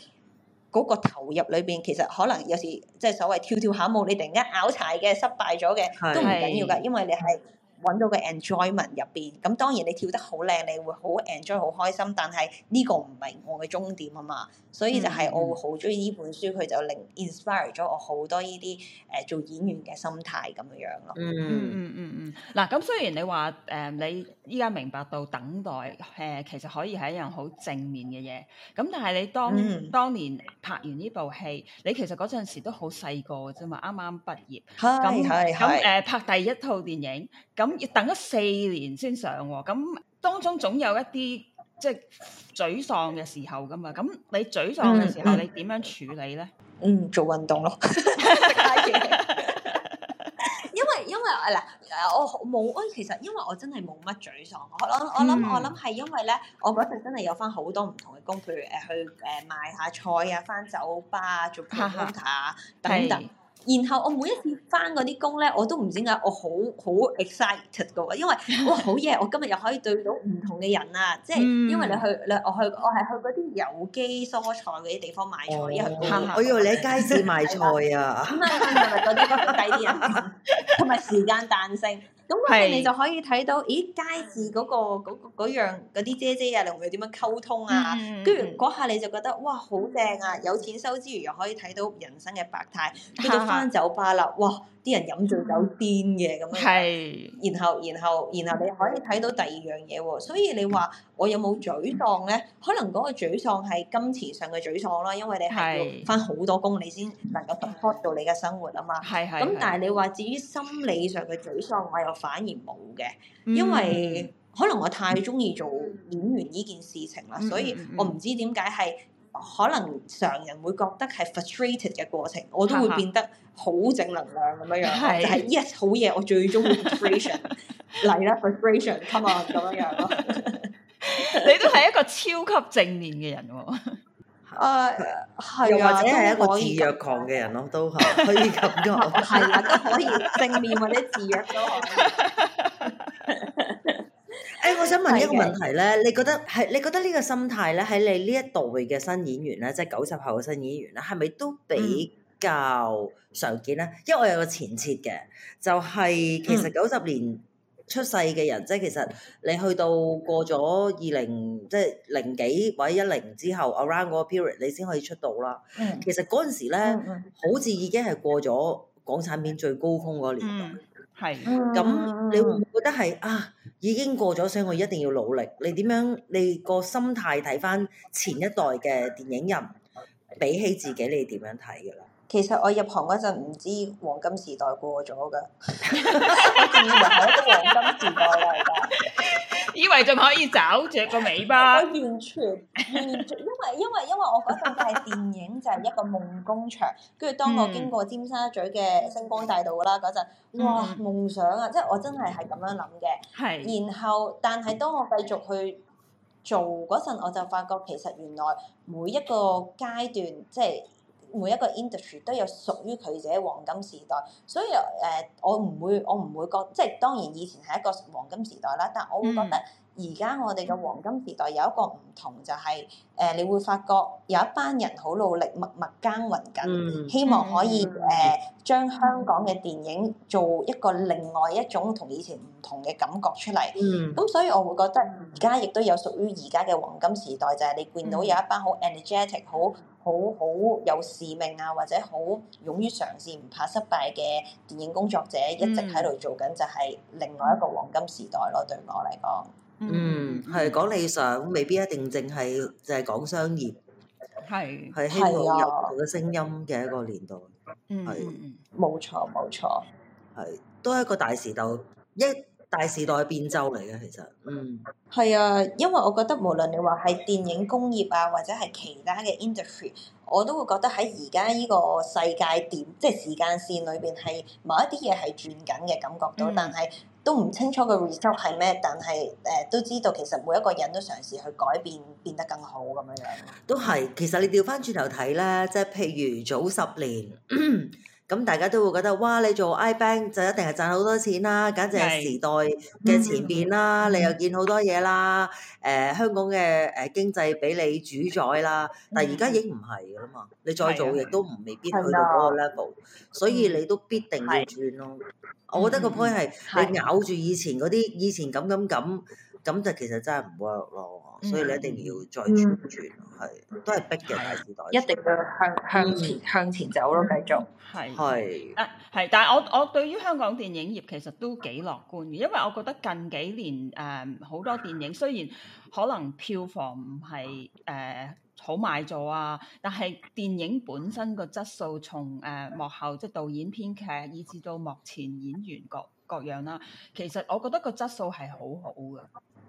嗰、嗯、個投入裏邊，其實可能有時即係所謂跳跳下舞，你突然間拗柴嘅失敗咗嘅、嗯、都唔緊要㗎，嗯、因為你係，揾到個 enjoyment 入邊，咁當然你跳得好靚，你會好 enjoy 好開心，但係呢個唔係我嘅終點啊嘛，所以就係我會好中意呢本書，佢就令 inspire 咗我好多呢啲誒做演員嘅心態咁樣樣咯、嗯嗯。嗯嗯嗯嗯，嗱咁雖然你話誒、呃、你依家明白到等待誒、呃、其實可以係一樣好正面嘅嘢，咁但係你當、嗯、當年拍完呢部戲，你其實嗰陣時都好細個啫嘛，啱啱畢業，係係係，誒嗱、呃、拍第一套電影。咁要等咗四年先上喎，咁當中總有一啲即係沮喪嘅時候噶嘛，咁你沮喪嘅時候你點樣處理咧？嗯，做運動咯，食下嘢 [LAUGHS] 因為因為嗱，我冇，我其實因為我真係冇乜沮喪，我我我諗、嗯、我諗係因為咧，我嗰陣真係有翻好多唔同嘅工，譬如誒去誒賣、呃、下菜啊，翻酒吧做保齡球啊等等。然後我每一次返嗰啲工咧，我都唔知點解我好好 excited 噶喎，因為哇好嘢，我今日又可以對到唔同嘅人啊！即係因為你去你去我去我係去嗰啲有機蔬菜嗰啲地方買菜啊！我喎你喺街市賣菜啊！咁係咪嗰啲咁低啲人？同埋 [LAUGHS] 時間彈性。咁嗰陣你就可以睇到，咦街市、嗰個、嗰個嗰嗰樣嗰啲姐姐啊，同會點樣溝通啊？居、嗯、然嗰下你就覺得，哇好正啊！有錢收之餘又可以睇到人生嘅百態。跟住翻酒吧啦，哇！啲人飲醉酒癲嘅咁樣係，然後然後然後你可以睇到第二樣嘢喎，所以你話我有冇沮喪咧？可能嗰個沮喪係金錢上嘅沮喪啦，因為你係要返好多工，你先能夠 support 到你嘅生活啊嘛。係係咁，但係你話至於心理上嘅沮喪，我又反而冇嘅，因為可能我太中意做演員呢件事情啦，所以我唔知點解係。嗯嗯嗯可能常人會覺得係 frustrated 嘅過程，我都會變得好正能量咁樣樣，就係 yes 好嘢，我最中意 frustration 嚟啦，frustration come on 咁樣樣咯。你都係一個超級正面嘅人喎，啊係啊，又或者係一個自虐狂嘅人咯，都係可以咁樣。係啦，都可以正面或者自虐都好。誒、哎，我想問一個問題咧的，你覺得係你覺得呢個心態咧，喺你呢一代嘅新演員咧，即係九十後嘅新演員咧，係咪都比較常見咧？嗯、因為我有個前設嘅，就係、是、其實九十年出世嘅人，即係、嗯、其實你去到過咗二零，即係零幾或者一零之後，around 嗰個 period 你先可以出道啦。嗯、其實嗰陣時咧，嗯、好似已經係過咗港產片最高峰嗰年代。嗯。係，咁你會唔會覺得係啊？已經過咗，所以我一定要努力。你點樣？你個心態睇返前一代嘅電影人，比起自己，你點樣睇嘅啦？其實我入行嗰陣唔知黃金時代過咗㗎，我仲以為係一個黃金時代嚟㗎，以為仲可以找著個尾巴 [LAUGHS] 完。完全完，因為因為因為我嗰陣睇電影 [LAUGHS] 就係一個夢工場，跟住當我經過尖沙咀嘅星光大道啦嗰陣，嗯、哇夢想啊！即、就、係、是、我真係係咁樣諗嘅。係、嗯。然後，但係當我繼續去做嗰陣，我就發覺其實原來每一個階段即係。即每一個 industry 都有屬於佢自己黃金時代，所以誒、呃，我唔會我唔會覺，即係當然以前係一個黃金時代啦，但係我會覺得而家我哋嘅黃金時代有一個唔同就係、是、誒、呃，你會發覺有一班人好努力，默默耕耘緊，希望可以誒將、呃、香港嘅電影做一個另外一種同以前唔同嘅感覺出嚟。咁、嗯、所以我會覺得而家亦都有屬於而家嘅黃金時代，就係、是、你見到有一班好 energetic 好。好好有使命啊，或者好勇於嘗試唔怕失敗嘅電影工作者，一直喺度做緊，就係另外一個黃金時代咯、啊。對我嚟講，嗯，係講理想，未必一定淨係，就係講商業，係，係希望有佢嘅聲音嘅一個年代，嗯、啊，冇錯冇錯，係，都係一個大時代。一。大時代嘅變奏嚟嘅，其實，嗯，係啊，因為我覺得無論你話係電影工業啊，或者係其他嘅 industry，我都會覺得喺而家呢個世界點，即係時間線裏邊係某一啲嘢係轉緊嘅感覺到、嗯，但係都唔清楚個 result 係咩，但係誒都知道其實每一個人都嘗試去改變，變得更好咁樣樣。都係、嗯，其實你調翻轉頭睇啦，即係譬如早十年。 [COUGHS] 咁大家都會覺得哇！你做 iBank 就一定係賺好多錢啦，簡直係時代嘅前邊啦，的你又見好多嘢啦，誒、呃、香港嘅誒、呃、經濟俾你主宰啦。但係而家已經唔係㗎啦嘛，你再做亦都唔未必去到嗰個 level，的所以你都必定要轉咯。的我覺得個 point 係你咬住以前嗰啲，以前咁咁咁，咁就其實真係唔 work 咯。所以你一定要再存存，係、嗯、都係逼嘅，一定要向向前向前走咯，繼續係。係是，係是、啊，但係我我對於香港電影業其實都幾樂觀嘅，因為我覺得近幾年誒好、嗯、多電影雖然可能票房唔係誒好賣座啊，但係電影本身個質素從誒、呃、幕後即係、就是、導演編劇，以至到幕前演員各各樣啦，其實我覺得個質素係好好嘅。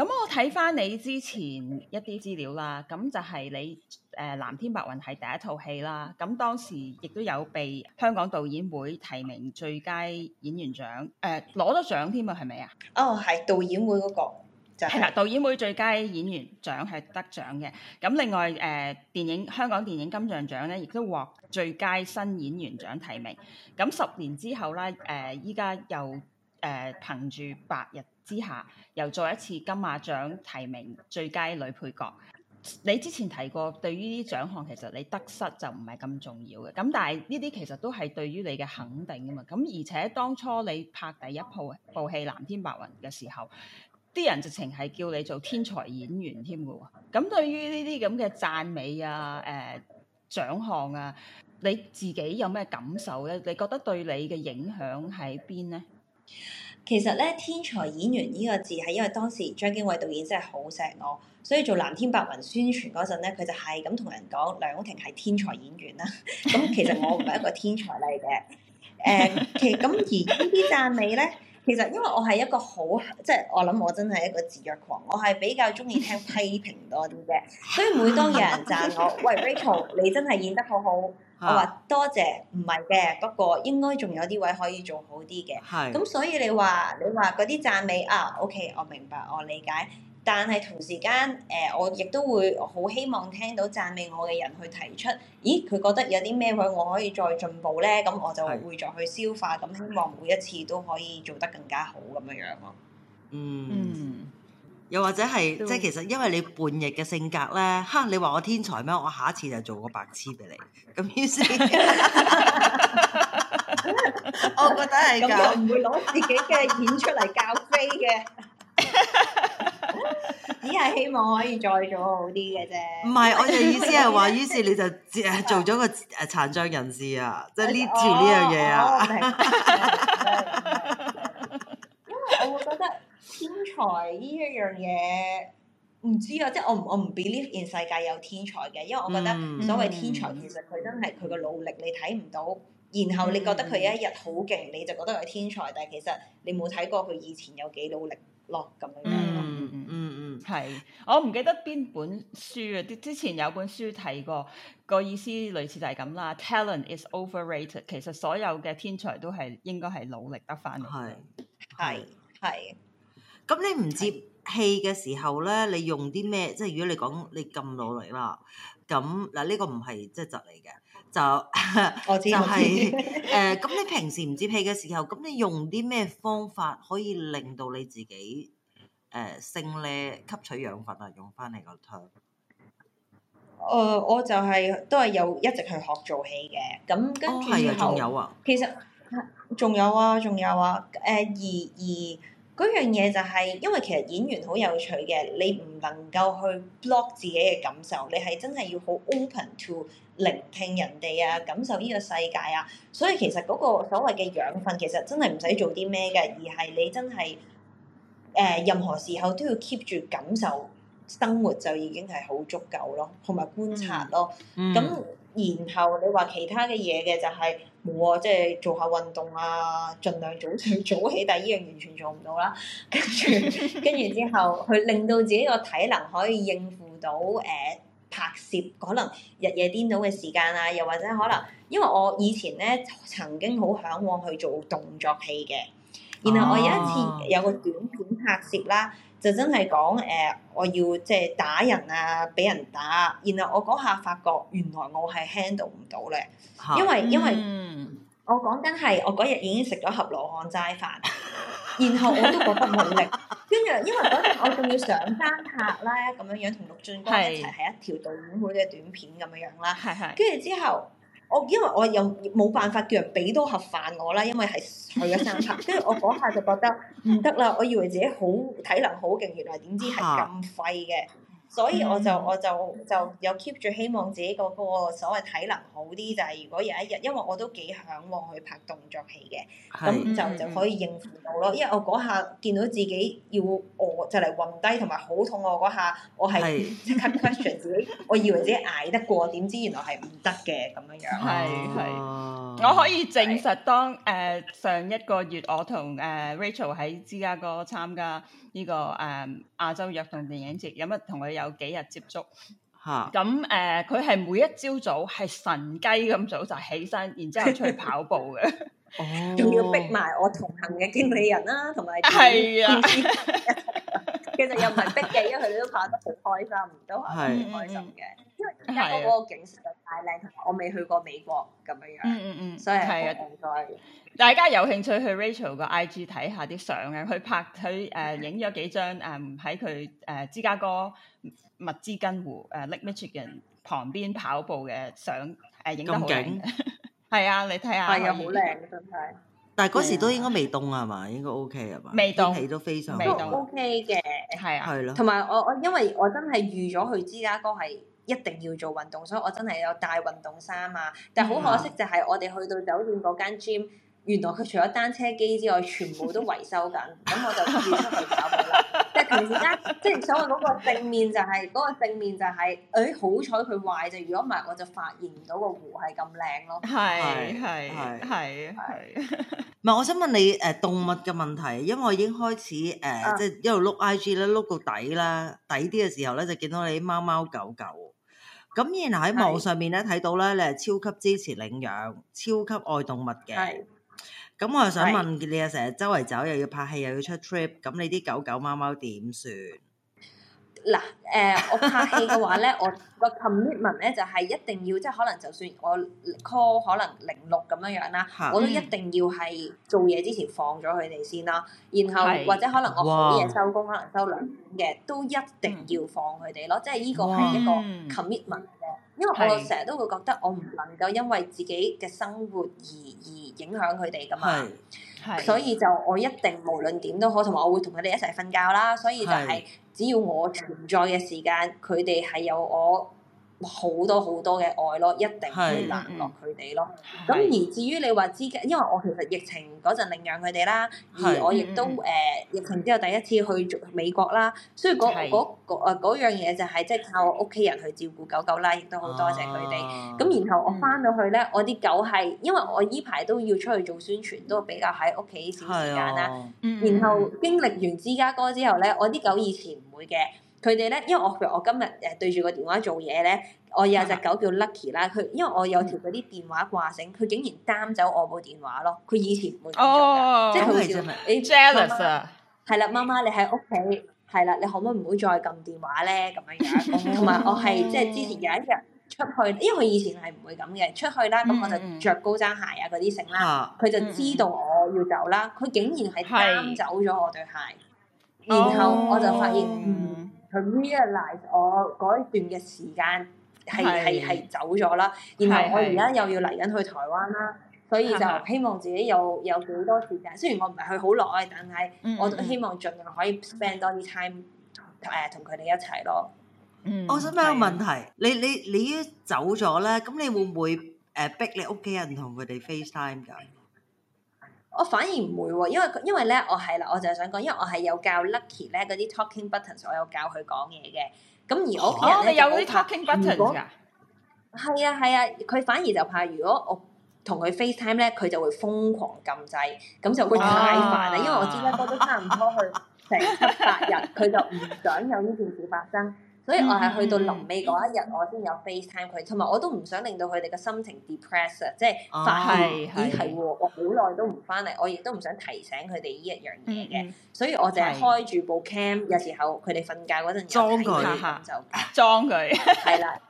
咁我睇翻你之前一啲資料啦，咁就係你誒、呃、《藍天白雲》係第一套戲啦，咁當時亦都有被香港導演會提名最佳演員獎，誒攞咗獎添啊，係咪啊？哦，係導演會嗰、那個，就係、是、啦，導演會最佳演員獎係得獎嘅。咁另外誒、呃、電影香港電影金像獎咧，亦都獲最佳新演員獎提名。咁十年之後咧，誒依家又，誒、呃、憑住白日之下，又再一次金馬獎提名最佳女配角。你之前提過，對於啲獎項其實你得失就唔係咁重要嘅。咁但係呢啲其實都係對於你嘅肯定啊嘛。咁而且當初你拍第一部部戲《藍天白雲》嘅時候，啲人直情係叫你做天才演員添嘅喎。咁對於呢啲咁嘅讚美啊、誒獎項啊，你自己有咩感受咧？你覺得對你嘅影響喺邊咧？其實咧，天才演員呢個字係因為當時張經緯導演真係好錫我，所以做藍天白雲宣傳嗰陣咧，佢就係咁同人講梁雍婷係天才演員啦。咁 [LAUGHS] 其實我唔係一個天才嚟嘅，誒、嗯，其咁而呢啲讚美咧，其實因為我係一個好，即、就、係、是、我諗我真係一個自虐狂，我係比較中意聽批評多啲嘅，所以每當有人讚我， [LAUGHS] 喂 Rachel，你真係演得好好。我話多謝，唔係嘅，不過應該仲有啲位可以做好啲嘅。係。咁所以你話你話嗰啲讚美啊，OK，我明白，我理解。但係同時間，誒，我亦都會好希望聽到讚美我嘅人去提出。咦，佢覺得有啲咩位我可以再進步咧？咁我就會再去消化。咁希望每一次都可以做得更加好咁樣樣咯。嗯。嗯。又或者係會即係其實因為你叛逆嘅性格咧，嚇你話我天才咩？我下一次就做個白痴俾你，咁於是， [LAUGHS] [LAUGHS] 我覺得係咁、嗯、又唔會攞自己嘅演出嚟教飛嘅，只係希望可以再做好啲嘅啫。唔係我嘅意思係話， [LAUGHS] 於是你就誒做咗個誒殘障人士啊， [LAUGHS] 即係呢條呢樣嘢啊。 [LAUGHS] 才呢一樣嘢唔知啊，即係我唔我唔 believe in 世界有天才嘅，因為我覺得所謂天才、嗯、其實佢真係佢嘅努力你睇唔到，然後你覺得佢一日好勁，嗯、你就覺得佢係天才，但係其實你冇睇過佢以前有幾努力咯，咁樣咯。嗯嗯嗯嗯，係。我唔記得邊本書啊，之前有本書睇過，個意思類似就係咁啦。Talent is overrated，其實所有嘅天才都係應該係努力得翻嚟，係係咁你唔接氣嘅時候咧，你用啲咩？即係如果你講你撳攞嚟啦，咁嗱呢個唔係即係窒嚟嘅，就我知， [LAUGHS] 就係、是、誒。咁知、 [LAUGHS] 呃、你平時唔接氣嘅時候，咁你用啲咩方法可以令到你自己誒升呢，呃、吸取養分啊，用翻你個腸。誒，我就係、是、都係有一直去學做戲嘅，咁跟住後其實仲有啊，仲有啊，誒而、啊啊、而。而而嗰樣嘢就係、是，因為其實演員好有趣嘅，你唔能夠去 block 自己嘅感受，你係真係要好 open to 聆聽人哋啊，感受呢個世界啊，所以其實嗰個所謂嘅養分其實真係唔使做啲咩嘅，而係你真係誒、呃、任何時候都要 keep 住感受。生活就已經係好足夠咯，同埋觀察咯。咁、嗯、然後你話其他嘅嘢嘅就係冇啊，即係、嗯、做下運動啊，儘量早睡早起，但係依樣完全做唔到啦。跟住跟住之後，佢令到自己個體能可以應付到誒、呃、拍攝可能日夜顛倒嘅時間啊，又或者可能因為我以前咧曾經好向往去做動作戲嘅。然後我有一次有一個短片拍攝啦，oh. 就真係講誒，我要即係打人啊，俾人打。然後我嗰下發覺，原來我係 handle 唔到咧，因為因為我講緊係我嗰日已經食咗盒羅漢齋飯，然後我都覺得冇力。跟住因為嗰日我仲要上山拍啦，咁樣樣同陸俊光一齊係一條導演會嘅短片咁樣樣啦。係係是。跟住之後。我、oh, 因為我又冇辦法叫人俾多盒飯我啦，因為係去咗三盒，跟住 [LAUGHS] 我嗰下就覺得唔得啦，我以為自己好體能好勁，原來點知係咁廢嘅。啊。所以我就、mm hmm. 我就就有 keep 住希望自己個個所謂體能好啲，就係、是、如果有一日，因為我都幾向往去拍動作戲嘅，咁、mm hmm. 就就可以應付到咯。因為我嗰下見到自己要餓我就嚟暈低，同埋好痛我嗰下，我係即刻 question 自己， [LAUGHS] 我以為自己捱得過，點知原來係唔得嘅，咁樣樣係係我可以證實當誒、呃、是上一個月我同誒、呃、Rachel 喺芝加哥參加呢、這個誒、呃、亞洲約同電影節有乜同佢有幾日接觸吓，咁誒哈，佢係、呃、每一朝早係神雞咁早就起身，然之後出去跑步嘅，仲 [LAUGHS] 要逼埋我同行嘅經理人啦，同埋係啊。是 [LAUGHS] [LAUGHS] 其實又唔係逼嘅，因為佢哋都拍得好開心，都係幾開心嘅。 [MUSIC] 因為芝加哥嗰個景實在太靚， [MUSIC] 我未去過美國咁樣樣、嗯嗯嗯，所以係啊， [MUSIC] 大家有興趣去 Rachel 個 IG 睇下啲相啊，佢拍佢誒影咗幾張誒喺佢誒芝加哥密芝根湖誒 Lake Michigan 旁邊跑步嘅相，誒影得好。咁景係啊，你睇下，係啊的，好靚，你睇。但係嗰時都應該未凍啊嘛，應該 OK 啊嘛，天動氣都非常，都 OK 嘅，係啊，係咯、啊。同埋我我因為我真係預咗去芝加哥係一定要做運動，所以我真係有帶運動衫啊。但係好可惜就係我哋去到酒店嗰間 gym。原來佢除咗單車機之外，全部都維修緊。咁 [LAUGHS] 我就要出去搞佢啦。即係同時間，即係所謂嗰個正面就係、是、嗰、那個正面就係、是，誒好彩佢壞就，如果唔係我就發現唔到個湖係咁靚咯。係係係係。唔係， [LAUGHS] 我想問你誒、呃、動物嘅問題，因為我已經開始誒、呃啊、即係一路碌 IG 咧碌到底啦，底啲嘅時候咧就見到你啲貓貓狗狗。咁然後喺網上面咧睇到咧，你係是超級支持領養、超級愛動物嘅。咁我又想問是你啊，成日周圍走又要拍戲又要出 trip，咁你啲狗狗貓貓點算？嗱，誒、呃，我拍戲嘅話咧， [LAUGHS] 我個 commitment 咧就係一定要，即係可能就算我 call 可能零六咁樣樣啦，是我都一定要係做嘢之前放咗佢哋先啦。然後或者可能我午夜收工，可能收兩點嘅，都一定要放佢哋咯。即係呢個係一個 commitment 咯。嗯。因為我成日都會覺得我唔能夠因為自己嘅生活而而影響佢哋㗎嘛，所以就我一定無論點都好，同埋我會同佢哋一齊瞓覺啦。所以就係只要我存在嘅時間，佢哋係有我。好多好多嘅愛咯，一定會冷落佢哋咯。咁的而至於你話知，因為我其實疫情嗰陣領養佢哋啦，的而我亦都誒、嗯嗯呃、疫情之後第一次去美國啦。所以嗰樣嘢就係即係靠我屋企人去照顧狗狗啦，亦都好多謝佢哋。咁、啊、然後我翻到去呢，我啲狗係因為我依排都要出去做宣傳，都比較喺屋企少時間啦。的嗯嗯然後經歷完芝加哥之後呢，我啲狗以前唔會嘅。佢哋咧，因為我譬如我今日誒對住個電話做嘢咧，我有隻狗叫 Lucky 啦，佢因為我有條嗰啲電話掛繩，佢竟然擔走我部電話咯，佢以前唔會哦，即係好似你 jealous 啊，係啦，媽媽你喺屋企係啦，你可唔可以唔好再撳電話咧咁樣樣？同埋我係即係之前有一日出去，因為佢以前係唔會咁嘅出去啦，咁我就着高踭鞋啊嗰啲剩啦，佢就知道我要走啦，佢竟然係擔走咗我對鞋，然後我就發現。佢 realize 我嗰一段嘅時間，係係係走咗啦，然後我而家又要嚟緊去台灣啦，所以就希望自己有有幾多時間。雖然我唔係去好耐，但係我都希望盡量可以 spend 多啲 time 誒同佢哋一齊咯。嗯，我想問一個問題，你你你走咗咧，咁你會唔會誒逼你屋企人同佢哋 FaceTime 㗎？我反而唔會喎，因為因為咧，我係啦，我就係想講，因為我係有教 Lucky 咧嗰啲 Talking Buttons，我有教佢講嘢嘅。咁而我屋企人、哦、你有啲 Talking Buttons 啊？係啊係啊，佢、啊、反而就怕，如果我同佢 FaceTime 咧，佢就會瘋狂撳掣，咁就會太煩啦。啊、因為我知呢個都差唔多去成七八日，佢 [LAUGHS] 就唔想有呢件事發生。所以我係去到臨尾嗰一日，我先有 FaceTime 佢，同埋我都唔想令到佢哋嘅心情 depress 啊。即係發現咦係喎，我好耐都唔翻嚟，我亦都唔想提醒佢哋呢一樣嘢嘅，嗯、所以我淨係開住部 cam，有時候佢哋瞓覺嗰陣又睇下，就裝佢。係啦、啊，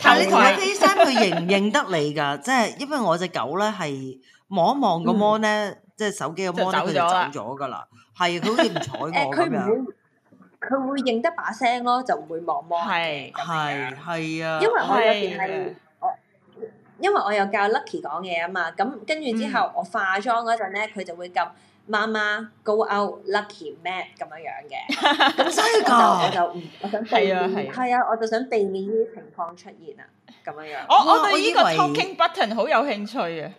但係你同佢 FaceTime，佢認唔認得你㗎？即係 [LAUGHS] 因為我隻狗咧係望一望個 mon 咧，即係手機個 mon，佢就走咗㗎啦，係佢好似唔睬我咁樣。佢會認得把聲咯，就唔會望望嘅咁樣嘅。係係啊，因為我入邊係我，因為我有教 Lucky 講嘢啊嘛。咁跟住之後，我化妝嗰陣咧，佢、嗯、就會撳媽媽 Go out Lucky Matt 咁樣樣嘅。咁所以我就我就我想避免，係啊，啊，啊，我就想避免呢啲情況出現啊。咁樣樣。我我對呢個 Talking Button 好有興趣啊！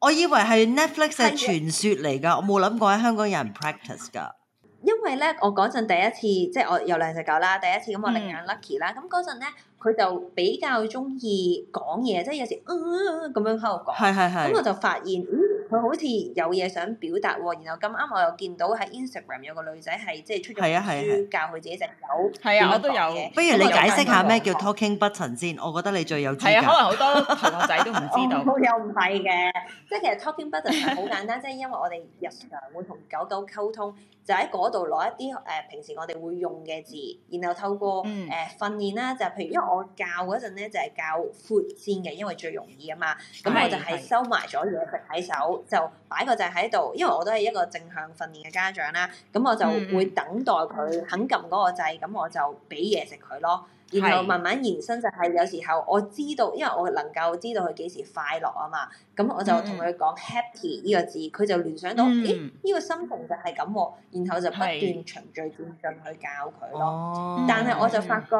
我以為係 Netflix 嘅傳説嚟㗎，我冇諗過喺香港有人 practice 㗎。因為咧，我嗰陣第一次，即係我有兩隻狗啦。第一次咁，我領養 Lucky 啦、嗯。咁嗰陣咧，佢就比較中意講嘢，即係有時咁、嗯、樣喺度講。係係係。咁我就發現佢、嗯、好似有嘢想表達喎。然後咁啱我又見到喺 Instagram 有個女仔係即係出咗書是教佢自己隻狗係啊，我都有。嘅。不如你解釋下咩叫 Talking button 先？我覺得你最有資格。啊、可能好多同學仔都唔知道、 [LAUGHS] 哦。我又唔係嘅，即係其實 Talking button 就好簡單， [LAUGHS] 即係因為我哋日常會同狗狗溝通。就喺嗰度攞一啲誒、呃、平時我哋會用嘅字，然後透過誒、嗯呃、訓練啦，就是、譬如因為我教嗰陣咧就係、是、教 food 先嘅，因為最容易啊嘛，咁我就係收埋咗嘢食喺手，是就擺個掣喺度，因為我都係一個正向訓練嘅家長啦，咁我就會等待佢、嗯、肯撳嗰個掣，咁我就俾嘢食佢咯。然後慢慢延伸就係、是、有時候我知道，因為我能夠知道佢幾時快樂啊嘛，咁我就同佢講 happy 呢個字，佢就聯想到，咦呢、嗯這個心情就係咁喎，然後就不斷循序漸進去教佢咯。哦、但係我就發覺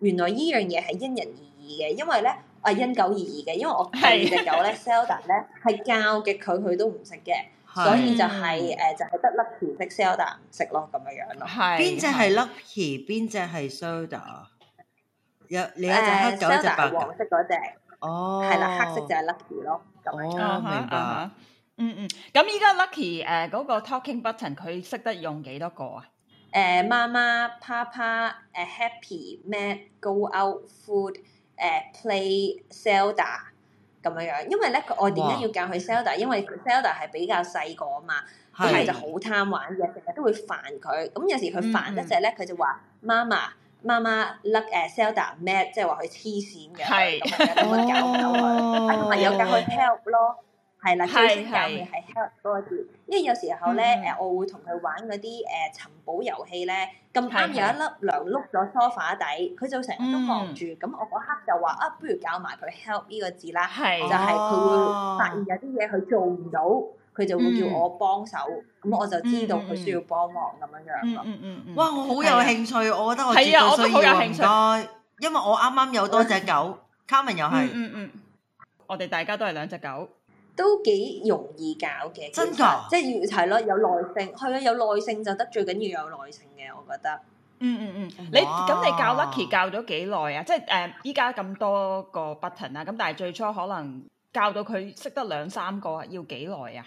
原來呢樣嘢係因人而異嘅，因為咧啊因狗而異嘅，因為我第二隻狗咧 Selda [LAUGHS] 咧係教嘅佢，佢都唔識嘅，是所以就係、是、誒、呃、就係、是、得 Lucky 識 Selda 唔、er、識咯咁嘅樣咯。邊隻隻係 Lucky？邊隻隻係 Selda？有你有隻黑隻個、uh, Zelda，色一隻白色嗰隻，哦，係啦，黑色就係 Lucky 咯，咁樣、oh, [NOISE] 明白。嗯。嗯嗯，咁依家 Lucky 誒、呃、嗰、那個 Talking button 佢識得用幾多個啊？誒，uh, 媽媽、爸爸、誒、呃、Happy、Mat Go Out food、呃、Food、誒 Play Zelda 咁樣樣。因為咧，我點解要教佢 Zelda？因為 Zelda 係比較細個啊嘛，佢係就好貪玩嘅，成日都會煩佢。咁有時佢煩一隻咧，佢、嗯、 [NOISE] 就話媽媽。媽媽甩誒 Selda 咩，即係話佢黐線嘅，咁樣點樣教佢，咁咪有教佢 help 咯，係啦、嗯，即係教嘅係 help 多啲。嗯嗯、因為有時候咧誒，我會同佢玩嗰啲誒尋寶遊戲咧，咁啱有一粒糧碌咗 sofa 底，佢就成日都望住。咁、嗯、我嗰刻就話啊，不如教埋佢 help 呢個字啦，啊、就係佢會發現有啲嘢佢做唔到。佢就會叫我幫手，咁我就知道佢需要幫忙咁樣樣咯。哇，我好有興趣，我覺得我絕對需要，係啊，我都好有興趣，因為我啱啱有多隻狗，Carmen 又係，嗯嗯，我哋大家都係兩隻狗，都幾容易搞嘅，真㗎，即係要係咯，有耐性，係啊，有耐性就得，最緊要有耐性嘅，我覺得。嗯嗯嗯，你咁你教 Lucky 教咗幾耐啊？即係誒，依家咁多個 button 啊，咁但係最初可能教到佢識得兩三個要幾耐啊？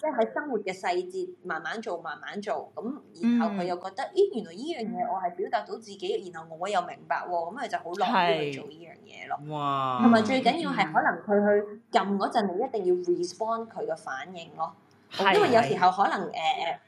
即係喺生活嘅細節，慢慢做，慢慢做，咁然後佢又覺得，咦、嗯，原來呢樣嘢我係表達到自己，然後我又明白喎，咁佢就好樂意去做呢樣嘢咯。哇！同埋最緊要係可能佢去撳嗰陣，你一定要 respond 佢嘅反應咯，因為有時候可能誒、呃，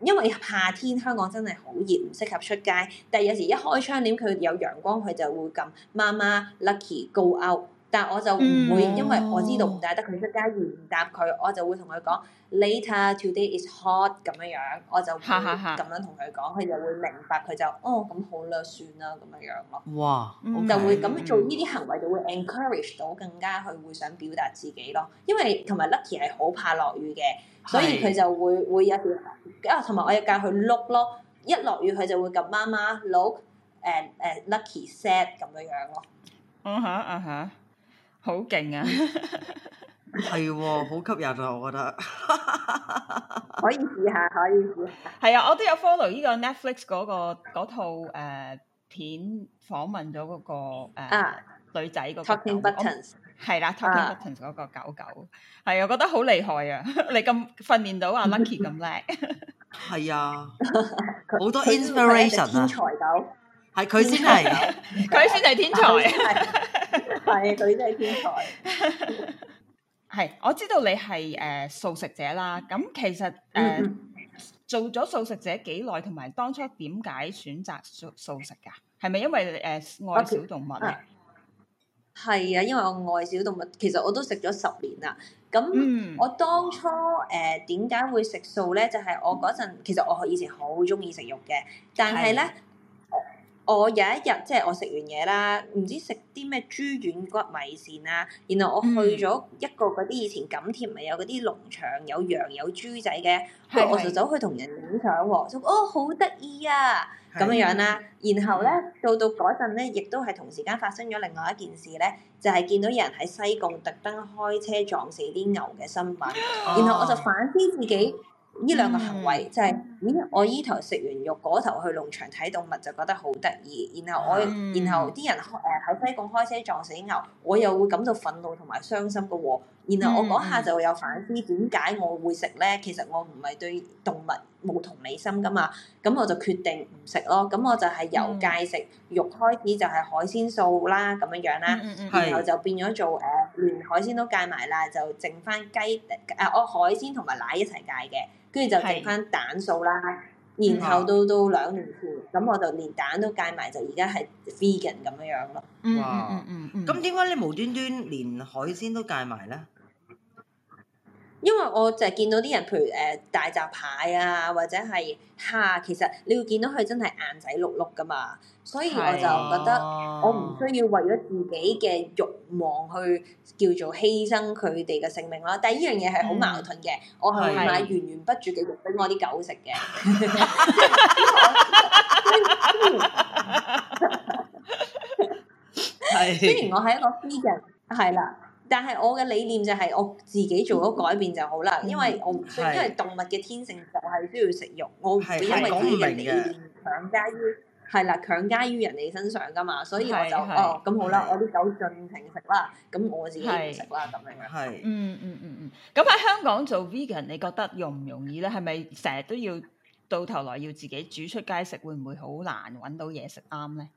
因為夏天香港真係好熱，唔適合出街，但係有時一開窗簾，佢有陽光，佢就會撳媽媽 Lucky go out。但我就唔會，mm hmm. 因為我知道唔帶得佢出街而唔答佢，我就會同佢講 later today is hot 咁樣樣，我就會咁 [LAUGHS] 樣同佢講，佢就會明白，佢就哦咁、oh, 好啦，算啦咁樣樣咯。哇！我就會咁 Okay. 做呢啲行為就會 encourage 到更加佢會想表達自己咯。因為同埋 Lucky 係好怕落雨嘅，所以佢就會是會有啊，同埋我又教佢 look 咯，一落雨佢就會撳媽媽 look，誒誒 Lucky sad 咁樣樣咯。嗯嚇、mm，嗯、hmm, 嚇、mm。Hmm. 好勁啊！係喎，好吸引啊！我覺得可以試下，可以試下。係啊，我都有 follow 呢個 Netflix 嗰、嗰個套誒片，訪問咗嗰個女仔嗰個。係啦，Talking Buttons 嗰個狗狗係、uh, Speaking 開玩笑啊，我覺得好厲害啊！你咁訓練到阿 Lucky 咁叻，係啊，好多 inspiration 啊！天才狗係佢先係，佢先係天才、 [LAUGHS] [LAUGHS] 啊。係啊，佢真係天才，係 [LAUGHS] 我知道你係誒、呃、素食者啦。咁其實誒、呃嗯嗯、做咗素食者幾耐，同埋當初點解選擇素素食㗎？係咪因為誒、呃、愛小動物？係 Okay ,、uh. 啊，因為我愛小動物。其實我都食咗十年啦。咁我當初誒點解會食素咧？就係、是、我嗰陣、嗯、其實我以前好中意食肉嘅，但係咧。 [LAUGHS] 我有一日，即、就、係、是、我食完嘢啦，唔知食啲咩豬軟骨米線啊，然後我去咗一個嗰啲以前錦田咪有嗰啲農場，有羊有豬仔嘅，嗯、我就走去同人影相喎，就、嗯、哦好得意啊咁樣樣、啊、啦，嗯、然後咧到到嗰陣咧，亦都係同時間發生咗另外一件事咧，就係、是、見到有人喺西貢特登開車撞死啲牛嘅新聞，哦、然後我就反思自己呢兩個行為就係。嗯咦！ [NOISE] 我依頭食完肉，嗰頭去農場睇動物就覺得好得意。然後我，嗯、然後啲人誒喺西貢開車撞死牛，我又會感到憤怒同埋傷心嘅喎。然後我嗰下就會有反思，點解我會食咧？其實我唔係對動物冇同理心噶嘛。咁我就決定唔食咯。咁我就係由戒食、嗯、肉開始，就係海鮮素啦咁樣樣啦。嗯嗯嗯，然後就變咗做誒，嗯、呃，連海鮮都戒埋啦，就剩翻雞誒，我、呃、海鮮同埋奶一齊戒嘅，跟住就剩翻蛋素。年然後到到兩年前，咁、嗯、我就連蛋都戒埋，就而家係 vegan 咁樣樣咯。哇！咁點解你無端端連海鮮都戒埋咧？因為我就係見到啲人，譬如誒、呃、大閘蟹啊，或者係蝦，其實你會見到佢真係眼仔碌碌噶嘛，所以我就覺得我唔需要為咗自己嘅慾望去叫做犧牲佢哋嘅性命啦。但係呢樣嘢係好矛盾嘅，嗯、我係會買源源不絕嘅肉俾我啲狗食嘅。的 [LAUGHS] 雖然我係一個 free 人，係啦。但係我嘅理念就係我自己做咗改變就好啦，因為我，是因為動物嘅天性就係需要食肉，我唔會因為人哋嘅強加於，係啦強加於人哋身上㗎嘛，所以我就，哦咁好啦，我啲狗盡情食啦，咁是我自己唔食啦咁樣樣，嗯嗯嗯嗯，咁、嗯、喺、嗯、香港做 Vegan 你覺得容唔容易咧？係咪成日都要到頭來要自己煮出街食，會唔會好難揾到嘢食啱咧？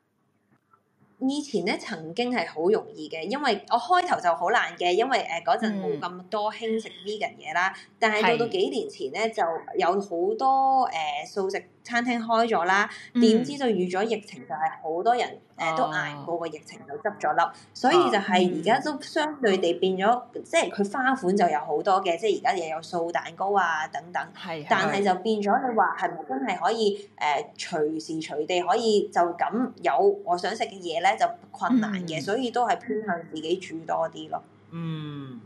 以前咧曾經係好容易嘅，因為我開頭就好難嘅，因為誒嗰陣冇咁多興食呢樣嘢啦。但係到到幾年前咧，是就有好多誒素食，呃餐廳開咗啦，點知就遇咗疫情，就係好多人誒都挨唔過個疫情，就執咗笠。所以就係而家都相對地變咗，哦、即係佢花款就有好多嘅，即係而家又有素蛋糕啊等等。係是，但係就變咗你話係咪真係可以誒、呃、隨時隨地可以就咁有我想食嘅嘢咧，就困難嘅。嗯、所以都係偏向自己煮多啲咯。嗯。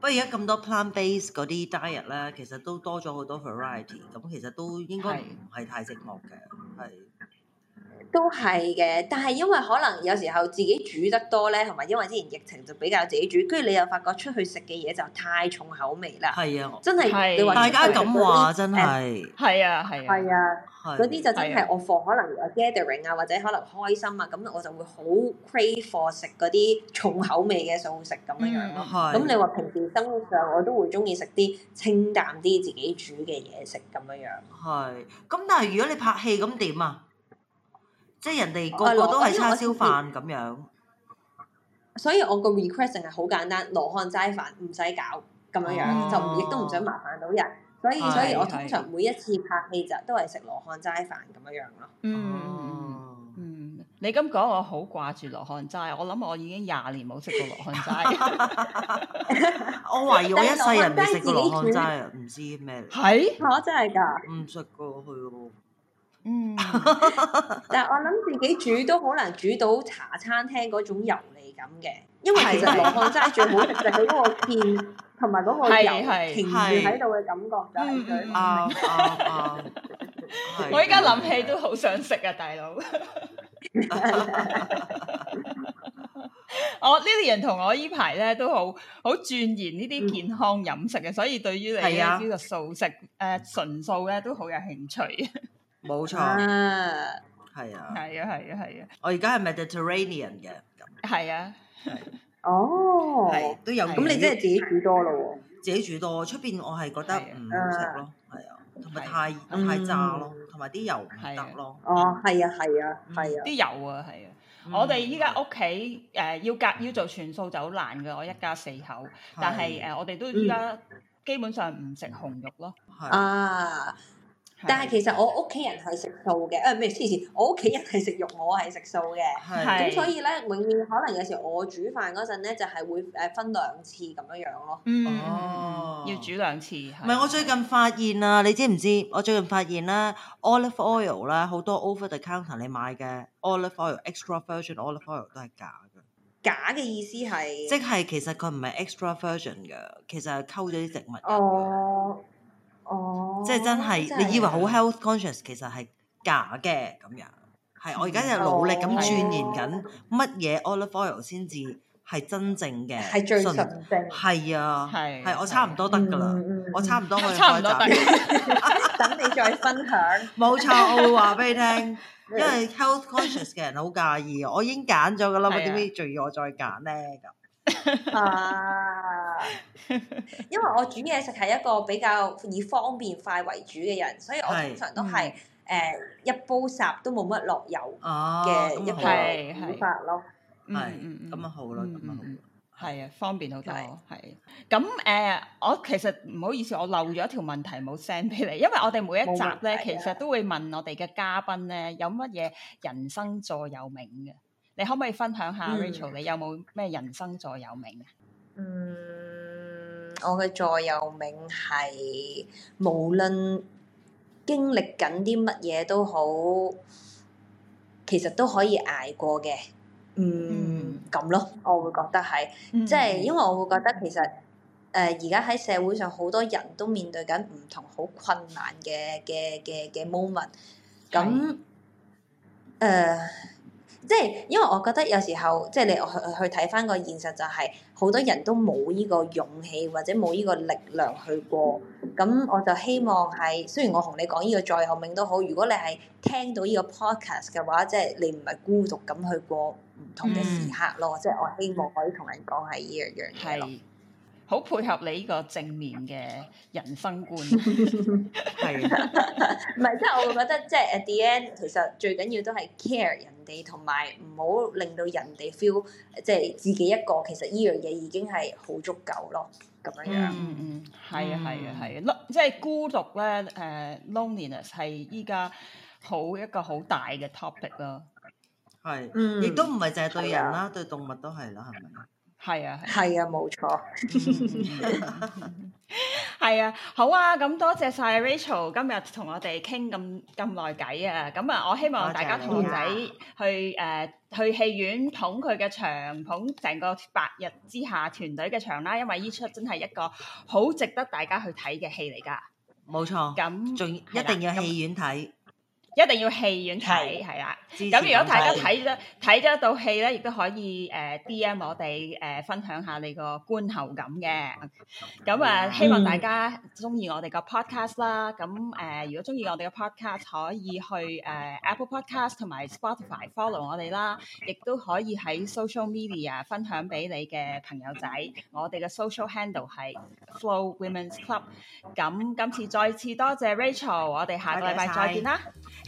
不過而家咁多 plant-based 嗰啲 diet 咧，其實都多咗好多 variety，咁其實都應該唔係太寂寞嘅，係的。都係嘅，但係因為可能有時候自己煮得多咧，同埋因為之前疫情就比較自己煮，跟住你又發覺出去食嘅嘢就太重口味啦。係啊，真係你話大家咁話真係。係啊，係你說啊，嗰啲就真係、啊、我放可能啊 gathering 啊，或者可能開心啊，咁我就會好 crave for 食嗰啲重口味嘅素食咁樣樣咯。咁、嗯啊、你話平時生活上我都會中意食啲清淡啲自己煮嘅嘢食咁樣樣。係、啊。咁但係如果你拍戲咁點啊？即係人哋個個都係叉燒飯咁樣，所以我個 request 係好簡單，羅漢齋飯唔使搞咁樣樣，就亦都唔想麻煩到人，所以所以我通常每一次拍戲就都係食羅漢齋飯咁樣樣咯。嗯嗯，你咁講我好掛住羅漢齋，我諗我已經廿年冇食過羅漢齋，我懷疑我一世人冇食過羅漢齋，唔知咩嚟。係，我真係㗎，唔食過去喎。嗯， [LAUGHS] 但係我諗自己煮都好難煮到茶餐廳嗰種油膩感嘅，因為其實羅漢齋最好食就係嗰個芡同埋嗰個油凝喺度嘅感覺就，啱啱。 [LAUGHS] 嗯啊啊啊、 [LAUGHS] [LAUGHS] 我依家諗起都好想食啊，大佬。我呢啲人同我依排咧都好好鑽研呢啲健康飲食嘅，嗯、所以對於你呢個的素食誒純素咧都好有興趣。冇錯，係啊，係啊，係啊，係啊。我而家係 Mediterranean 嘅，咁係啊，哦，都有。咁你真係自己煮多咯喎，自己煮多，出邊我係覺得唔好食咯，係啊，同埋太熱太炸咯，同埋啲油唔得咯，哦，係啊，係啊，係啊，啲油啊，係啊，我哋依家屋企誒要隔要做全素就好難㗎，我一家四口，但係誒我哋都依家基本上唔食紅肉咯，係啊。但係其實我屋企人係食素嘅。誒、啊、咩我屋企人係食肉，我係食素嘅，咁是所以咧永遠可能有時我煮飯嗰陣咧就係、是、會誒分兩次咁樣樣咯。嗯，哦、要煮兩次。唔係我最近發現啊，你知唔知？我最近發現咧，olive oil 咧好多 over the counter 你買嘅 olive oil extra virgin olive oil 都係假嘅。假嘅意思係？即係其實佢唔係 extra virgin 㗎，其實係溝咗啲植物油哦，即係真係，真是你以為好 health conscious，其實係假嘅咁樣，係、 [NOISE] 嗯、 [NOISE] 我而家就努力咁鑽研緊乜嘢 olive oil 先至係真正嘅，係最純正，係啊，係、啊啊啊，我差唔多得噶啦，啊啊啊嗯、我差唔多可以開閘， [LAUGHS] [LAUGHS] 等你再分享。冇 [LAUGHS] 錯，我會話俾你聽，因為 health conscious 嘅人好介意，我已經揀咗噶啦，我點解仲要我再揀咧咁？ [LAUGHS] 啊，因為我煮嘢食係一個比較以方便快為主嘅人，所以我通常都係誒一煲霎都冇乜落油嘅一派煮法咯。係，嗯，咁、呃、啊好咯，咁啊好，係啊，方便好多。係，咁誒、呃，我其實唔好意思，我漏咗一條問題冇 send 俾你，因為我哋每一集咧，啊、其實都會問我哋嘅嘉賓咧，有乜嘢人生座右銘嘅。你可唔可以分享下、嗯、Rachel？你有冇咩人生座右銘啊？嗯，我嘅座右銘係無論經歷緊啲乜嘢都好，其實都可以捱過嘅。嗯，咁、嗯、咯，我會覺得係，即係、嗯、因為我會覺得其實誒，而家喺社會上好多人都面對緊唔同好困難嘅嘅嘅嘅 moment。咁、嗯、誒。嗯即係，因為我覺得有時候，即係你去去睇返個現實、就是，就係好多人都冇呢個勇氣或者冇呢個力量去過。咁我就希望係，雖然我同你講呢個在後面都好，如果你係聽到呢個 podcast 嘅話，即係你唔係孤獨咁去過唔同嘅時刻咯。嗯、即係我希望可以同人講係呢樣樣嘢咯。好配合你呢個正面嘅人生觀。 [LAUGHS] 是的 [LAUGHS] 是，係啊，唔係即係我會覺得即係、就、誒、是、at the end 其實最緊要都係 care 人哋，同埋唔好令到人哋 feel 即係自己一個。其實呢樣嘢已經係好足夠咯，咁樣樣、嗯。嗯嗯，係啊係啊係啊，即、就、係、是、孤獨咧誒、uh,，loneliness 係依家好一個好大嘅 topic 咯。係，亦都唔係淨係對人啦，的對動物都係啦，係咪？係啊，係啊，冇錯。係啊，好啊，咁多謝晒 Rachel 今日同我哋傾咁咁耐偈啊！咁啊，我希望大家同仔去誒去戲院捧佢嘅場，捧成個白日之下團隊嘅場啦，因為呢出真係一個好值得大家去睇嘅戲嚟噶。冇錯。咁，仲一定要戲院睇。一定要戲院睇係啦。咁如果大家睇咗睇咗一套戲咧，亦都可以誒 D.M 我哋誒分享下你個觀後感嘅。咁、嗯、啊，嗯、希望大家鍾意我哋個 podcast 啦。咁誒，如果鍾意我哋嘅 podcast，可以去誒 Apple Podcast 同埋 Spotify follow 我哋啦。亦都可以喺 social media 分享俾你嘅朋友仔。我哋嘅 social handle 係 Flow Women's Club。咁今次再次多謝 Rachel，我哋下個禮拜再見啦。謝